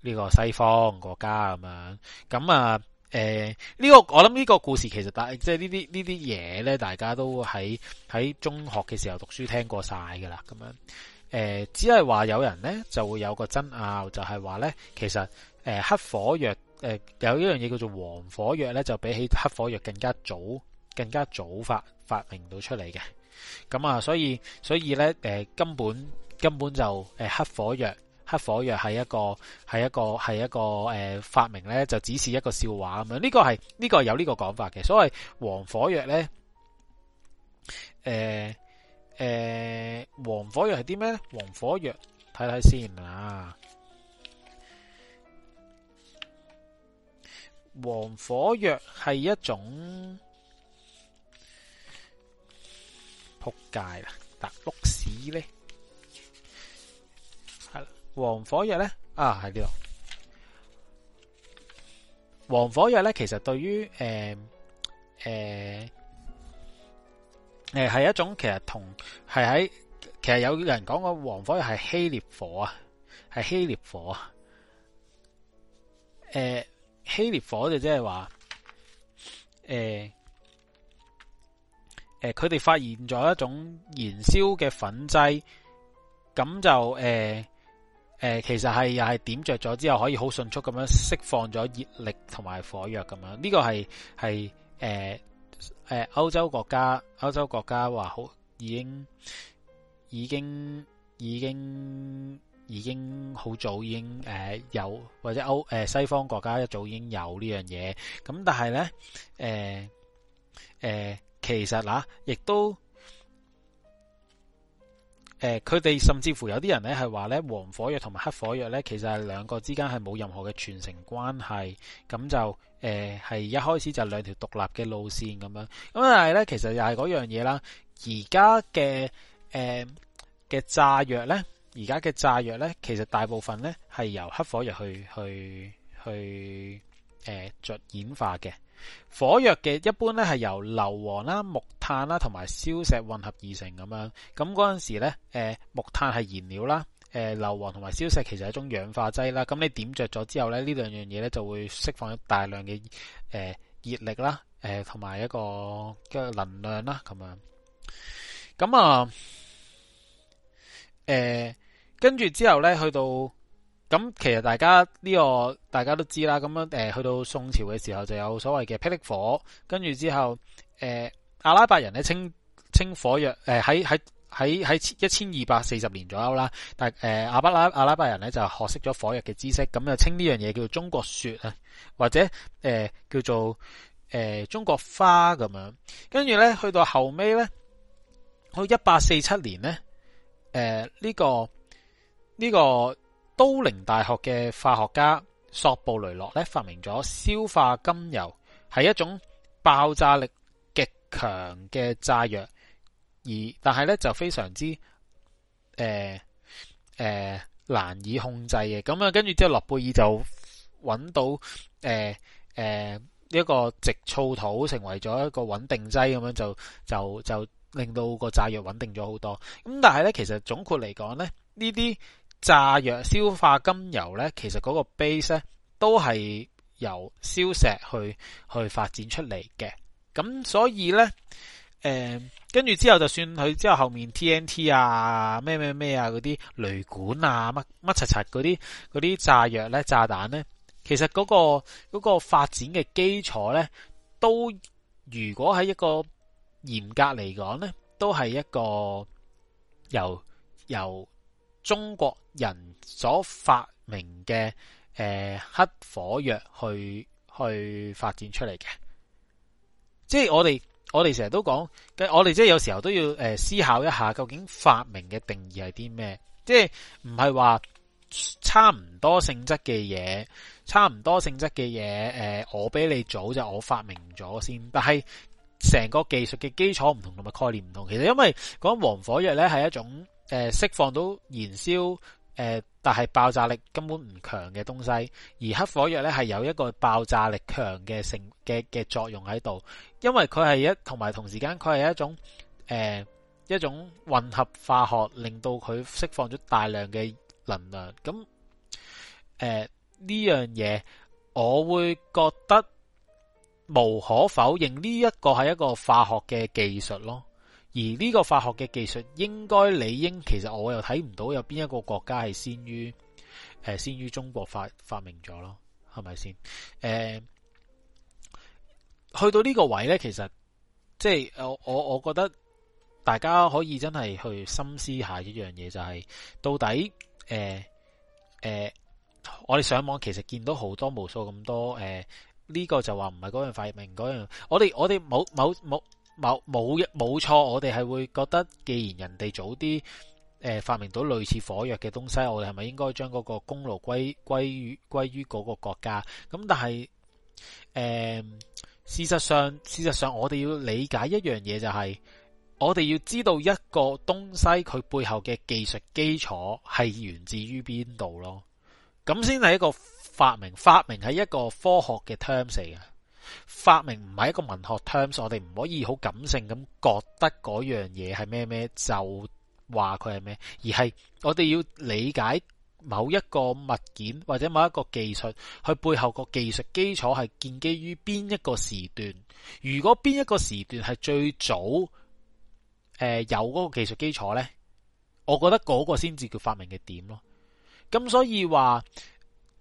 呢、這個西方國家咁樣。咁啊，誒、呃、呢、這個我諗呢個故事其實大，即係呢啲呢啲嘢呢，大家都喺喺中學嘅時候讀書聽過晒噶啦。咁樣，誒、呃、只係話有人呢就會有個爭拗，就係、是、話呢，其實誒、呃、黑火藥誒、呃、有一樣嘢叫做黃火藥呢就比起黑火藥更加早，更加早發。發明到出嚟嘅，咁啊，所以所以咧，誒、呃，根本根本就誒、呃、黑火藥，黑火藥係一個係一個係一個誒、呃、發明咧，就只是一個笑話咁樣。呢、這個係呢、這個有呢個講法嘅。所謂黃火藥咧，誒、呃、誒、呃，黃火藥係啲咩咧？黃火藥，睇睇先啊！黃火藥係一種。界啦，達碌屎咧，係黃火藥咧啊，喺呢度。黃火藥咧，其實對於誒誒誒係一種其實同係喺，其實有人講過黃火藥係希臘火啊，係希臘火啊。誒、呃，希臘火就即係話誒。呃誒，佢哋、呃、發現咗一種燃燒嘅粉劑，咁就誒誒、呃呃，其實係又係點著咗之後，可以好迅速咁樣釋放咗熱力同埋火藥咁樣。呢個係係誒誒，歐、呃呃、洲國家歐洲國家話好已經已經已經已經好早已經誒、呃、有，或者歐誒、呃、西方國家一早已經有呢樣嘢。咁但係咧，誒、呃、誒。其實嗱、啊，亦都誒，呃、佢哋甚至乎有啲人咧係話咧黃火藥同埋黑火藥咧，其實係兩個之間係冇任何嘅傳承關係，咁就誒係、呃、一開始就兩條獨立嘅路綫咁樣。咁但係咧，其實又係嗰樣嘢啦。而家嘅誒嘅炸藥咧，而家嘅炸藥咧，其實大部分咧係由黑火藥去去去誒作、呃、演化嘅。火藥嘅一般咧係由硫磺啦、木炭啦同埋硝石混合而成咁樣，咁嗰陣時咧，誒、呃、木炭係燃料啦，誒、呃、硫磺同埋硝石其實係一種氧化劑啦，咁你點着咗之後咧，呢兩樣嘢咧就會釋放大量嘅誒熱力啦，誒同埋一個嘅能量啦咁樣，咁啊，誒跟住之後咧去到。咁其實大家呢個大家都知啦，咁樣誒去到宋朝嘅時候就有所謂嘅霹靂火，跟住之後誒、呃、阿拉伯人咧稱稱火藥，誒喺喺喺喺一千二百四十年左右啦，但誒阿拉伯阿拉伯人咧就學識咗火藥嘅知識，咁就稱呢樣嘢叫做中國雪啊，或者誒、呃、叫做誒、呃、中國花咁樣，跟住咧去到後尾咧，去一八四七年咧，誒呢個呢個。這個都靈大學嘅化學家索布雷諾咧發明咗硝化甘油，係一種爆炸力極強嘅炸藥，而但係咧就非常之誒誒、呃呃、難以控制嘅。咁啊，跟住之後諾貝爾就揾到誒誒、呃呃、一個矽藻土，成為咗一個穩定劑，咁樣就就就令到個炸藥穩定咗好多。咁但係咧，其實總括嚟講咧呢啲。炸藥、硝化甘油呢，其實嗰個 base 呢，都係由硝石去去發展出嚟嘅。咁所以呢，誒、呃，跟住之後就算佢之後後面 TNT 啊、咩咩咩啊嗰啲雷管啊、乜乜柒柒嗰啲嗰啲炸藥呢，炸彈呢，其實嗰個嗰個發展嘅基礎呢，都如果喺一個嚴格嚟講呢，都係一個由由。中國人所發明嘅誒、呃、黑火藥去去發展出嚟嘅，即係我哋我哋成日都講，我哋即係有時候都要誒、呃、思考一下，究竟發明嘅定義係啲咩？即係唔係話差唔多性質嘅嘢，差唔多性質嘅嘢，誒、呃、我俾你早就我發明咗先，但係成個技術嘅基礎唔同同埋概念唔同。其實因為講黃火藥呢係一種。誒，釋放到燃燒誒、呃，但係爆炸力根本唔強嘅東西，而黑火藥呢係有一個爆炸力強嘅成嘅嘅作用喺度，因為佢係一同埋同時間佢係一種誒、呃、一種混合化學，令到佢釋放咗大量嘅能量。咁誒呢樣嘢，我會覺得無可否認呢一個係一個化學嘅技術咯。而呢個化學嘅技術，應該理應，其實我又睇唔到有邊一個國家係先於誒、呃、先於中國發發明咗咯，係咪先？誒、呃，去到呢個位呢，其實即係我我，我覺得大家可以真係去深思一下一樣嘢，就係、是、到底誒誒、呃呃，我哋上網其實見到好多無數咁多誒呢、呃這個就話唔係嗰樣發明嗰樣，我哋我哋冇冇冇。冇冇冇錯，我哋係會覺得，既然人哋早啲誒發明到類似火藥嘅東西，我哋係咪應該將嗰個功勞歸歸於歸於嗰個國家？咁但係誒、呃，事實上，事實上，我哋要理解一樣嘢就係、是，我哋要知道一個東西佢背後嘅技術基礎係源自於邊度咯？咁先係一個發明，發明係一個科學嘅 terms 嚟嘅。發明唔係一個文學 terms，我哋唔可以好感性咁覺得嗰樣嘢係咩咩就話佢係咩，而係我哋要理解某一個物件或者某一個技術，佢背後個技術基礎係建基於邊一個時段。如果邊一個時段係最早誒有嗰個技術基礎呢，我覺得嗰個先至叫發明嘅點囉。咁所以話。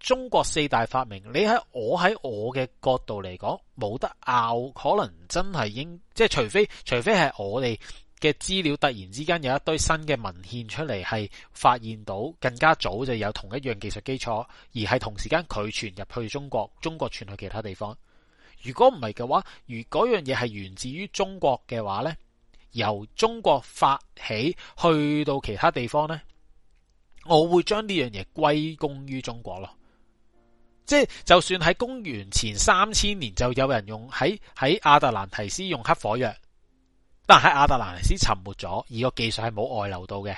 中國四大發明，你喺我喺我嘅角度嚟講，冇得拗，可能真係應，即係除非，除非係我哋嘅資料突然之間有一堆新嘅文獻出嚟，係發現到更加早就有同一樣技術基礎，而係同時間佢傳入去中國，中國傳去其他地方。如果唔係嘅話，如果樣嘢係源自於中國嘅話呢，由中國發起，去到其他地方呢，我會將呢樣嘢歸功於中國咯。即係，就算喺公元前三千年就有人用喺喺亞特蘭提斯用黑火藥，但係喺亞特蘭提斯沉沒咗，而個技術係冇外流到嘅。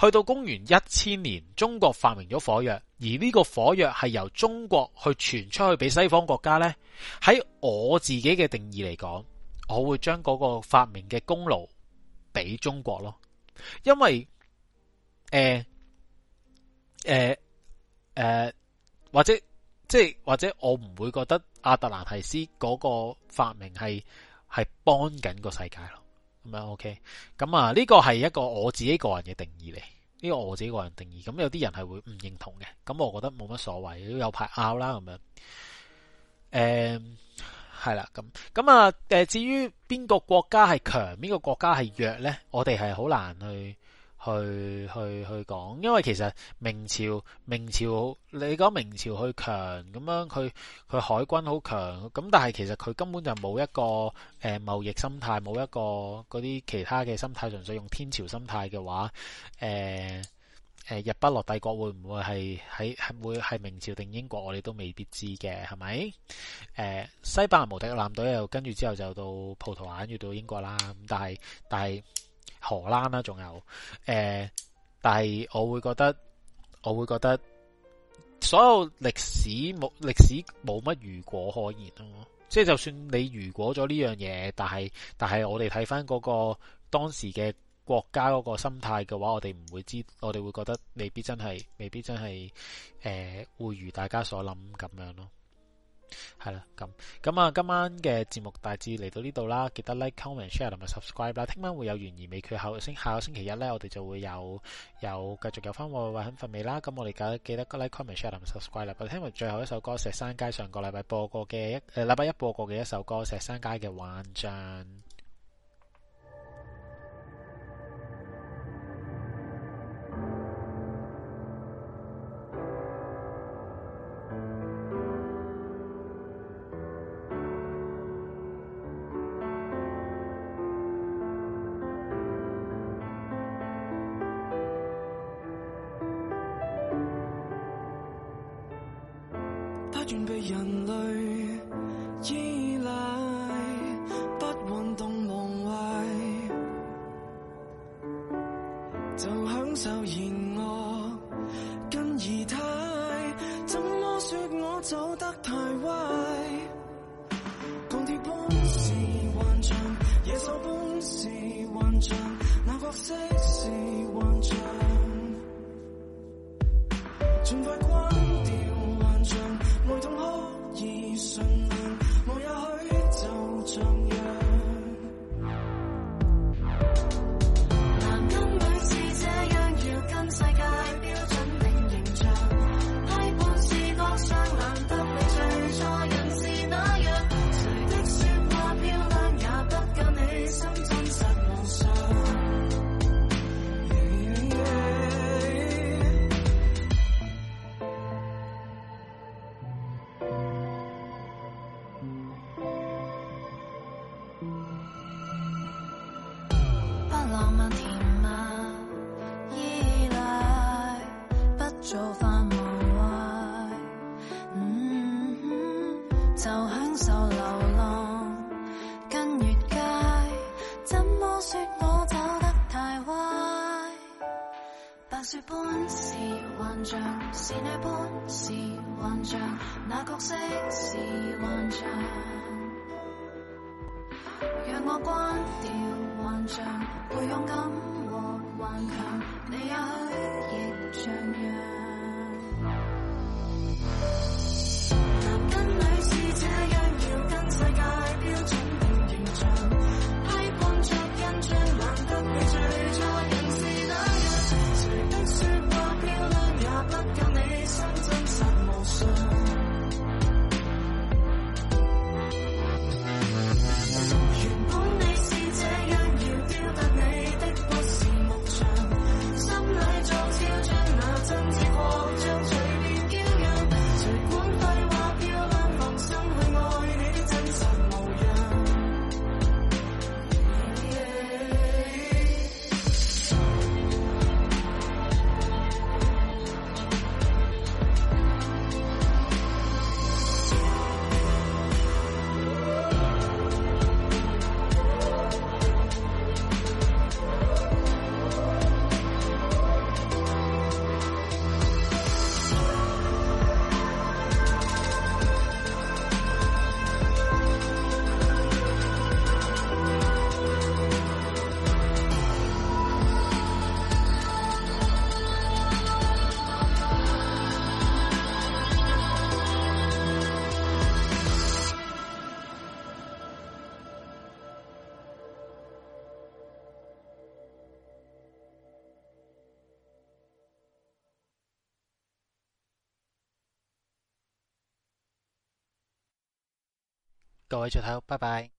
去到公元一千年，中國發明咗火藥，而呢個火藥係由中國去傳出去俾西方國家呢。喺我自己嘅定義嚟講，我會將嗰個發明嘅功勞俾中國咯，因為誒誒誒。呃呃呃或者即係，或者我唔會覺得亞特蘭提斯嗰個發明係係幫緊個世界咯咁樣 OK 咁啊，呢個係一個我自己個人嘅定義嚟，呢個我自己個人定義，咁有啲人係會唔認同嘅，咁我覺得冇乜所謂，都有排拗啦咁樣。誒係啦，咁咁啊，誒，至於邊個國家係強，邊個國家係弱呢？我哋係好難去。去去去講，因為其實明朝明朝你講明朝去強咁樣，佢佢海軍好強，咁但係其實佢根本就冇一個誒、呃、貿易心態，冇一個嗰啲其他嘅心態，純粹用天朝心態嘅話，誒、呃呃、日不落帝國會唔會係喺喺會係明朝定英國，我哋都未必知嘅，係咪、呃？西班牙無敵艦隊又跟住之後就到葡萄牙，再到英國啦，咁但係但係。荷蘭啦，仲有誒，但係我會覺得，我會覺得所有歷史冇歷史冇乜如果可言咯。即係就算、是、你如果咗呢樣嘢，但係但係我哋睇返嗰個當時嘅國家嗰個心態嘅話，我哋唔會知，我哋會覺得未必真係，未必真係誒、呃、會如大家所諗咁樣咯。係啦，咁咁啊，今晚嘅節目大致嚟到呢度啦，記得 like、comment、share 同埋 subscribe 啦。聽晚會有懸而未決後星下個星期一咧，我哋就會有有繼續有翻喂喂喂肯瞓未啦。咁我哋記得記得 like、comment、share 同埋 subscribe 啦、啊。聽完最後一首歌《石山街》，上個禮拜播過嘅一誒、禮、呃、拜一播過嘅一首歌《石山街》嘅幻象。各位早唞，拜拜。Bye bye.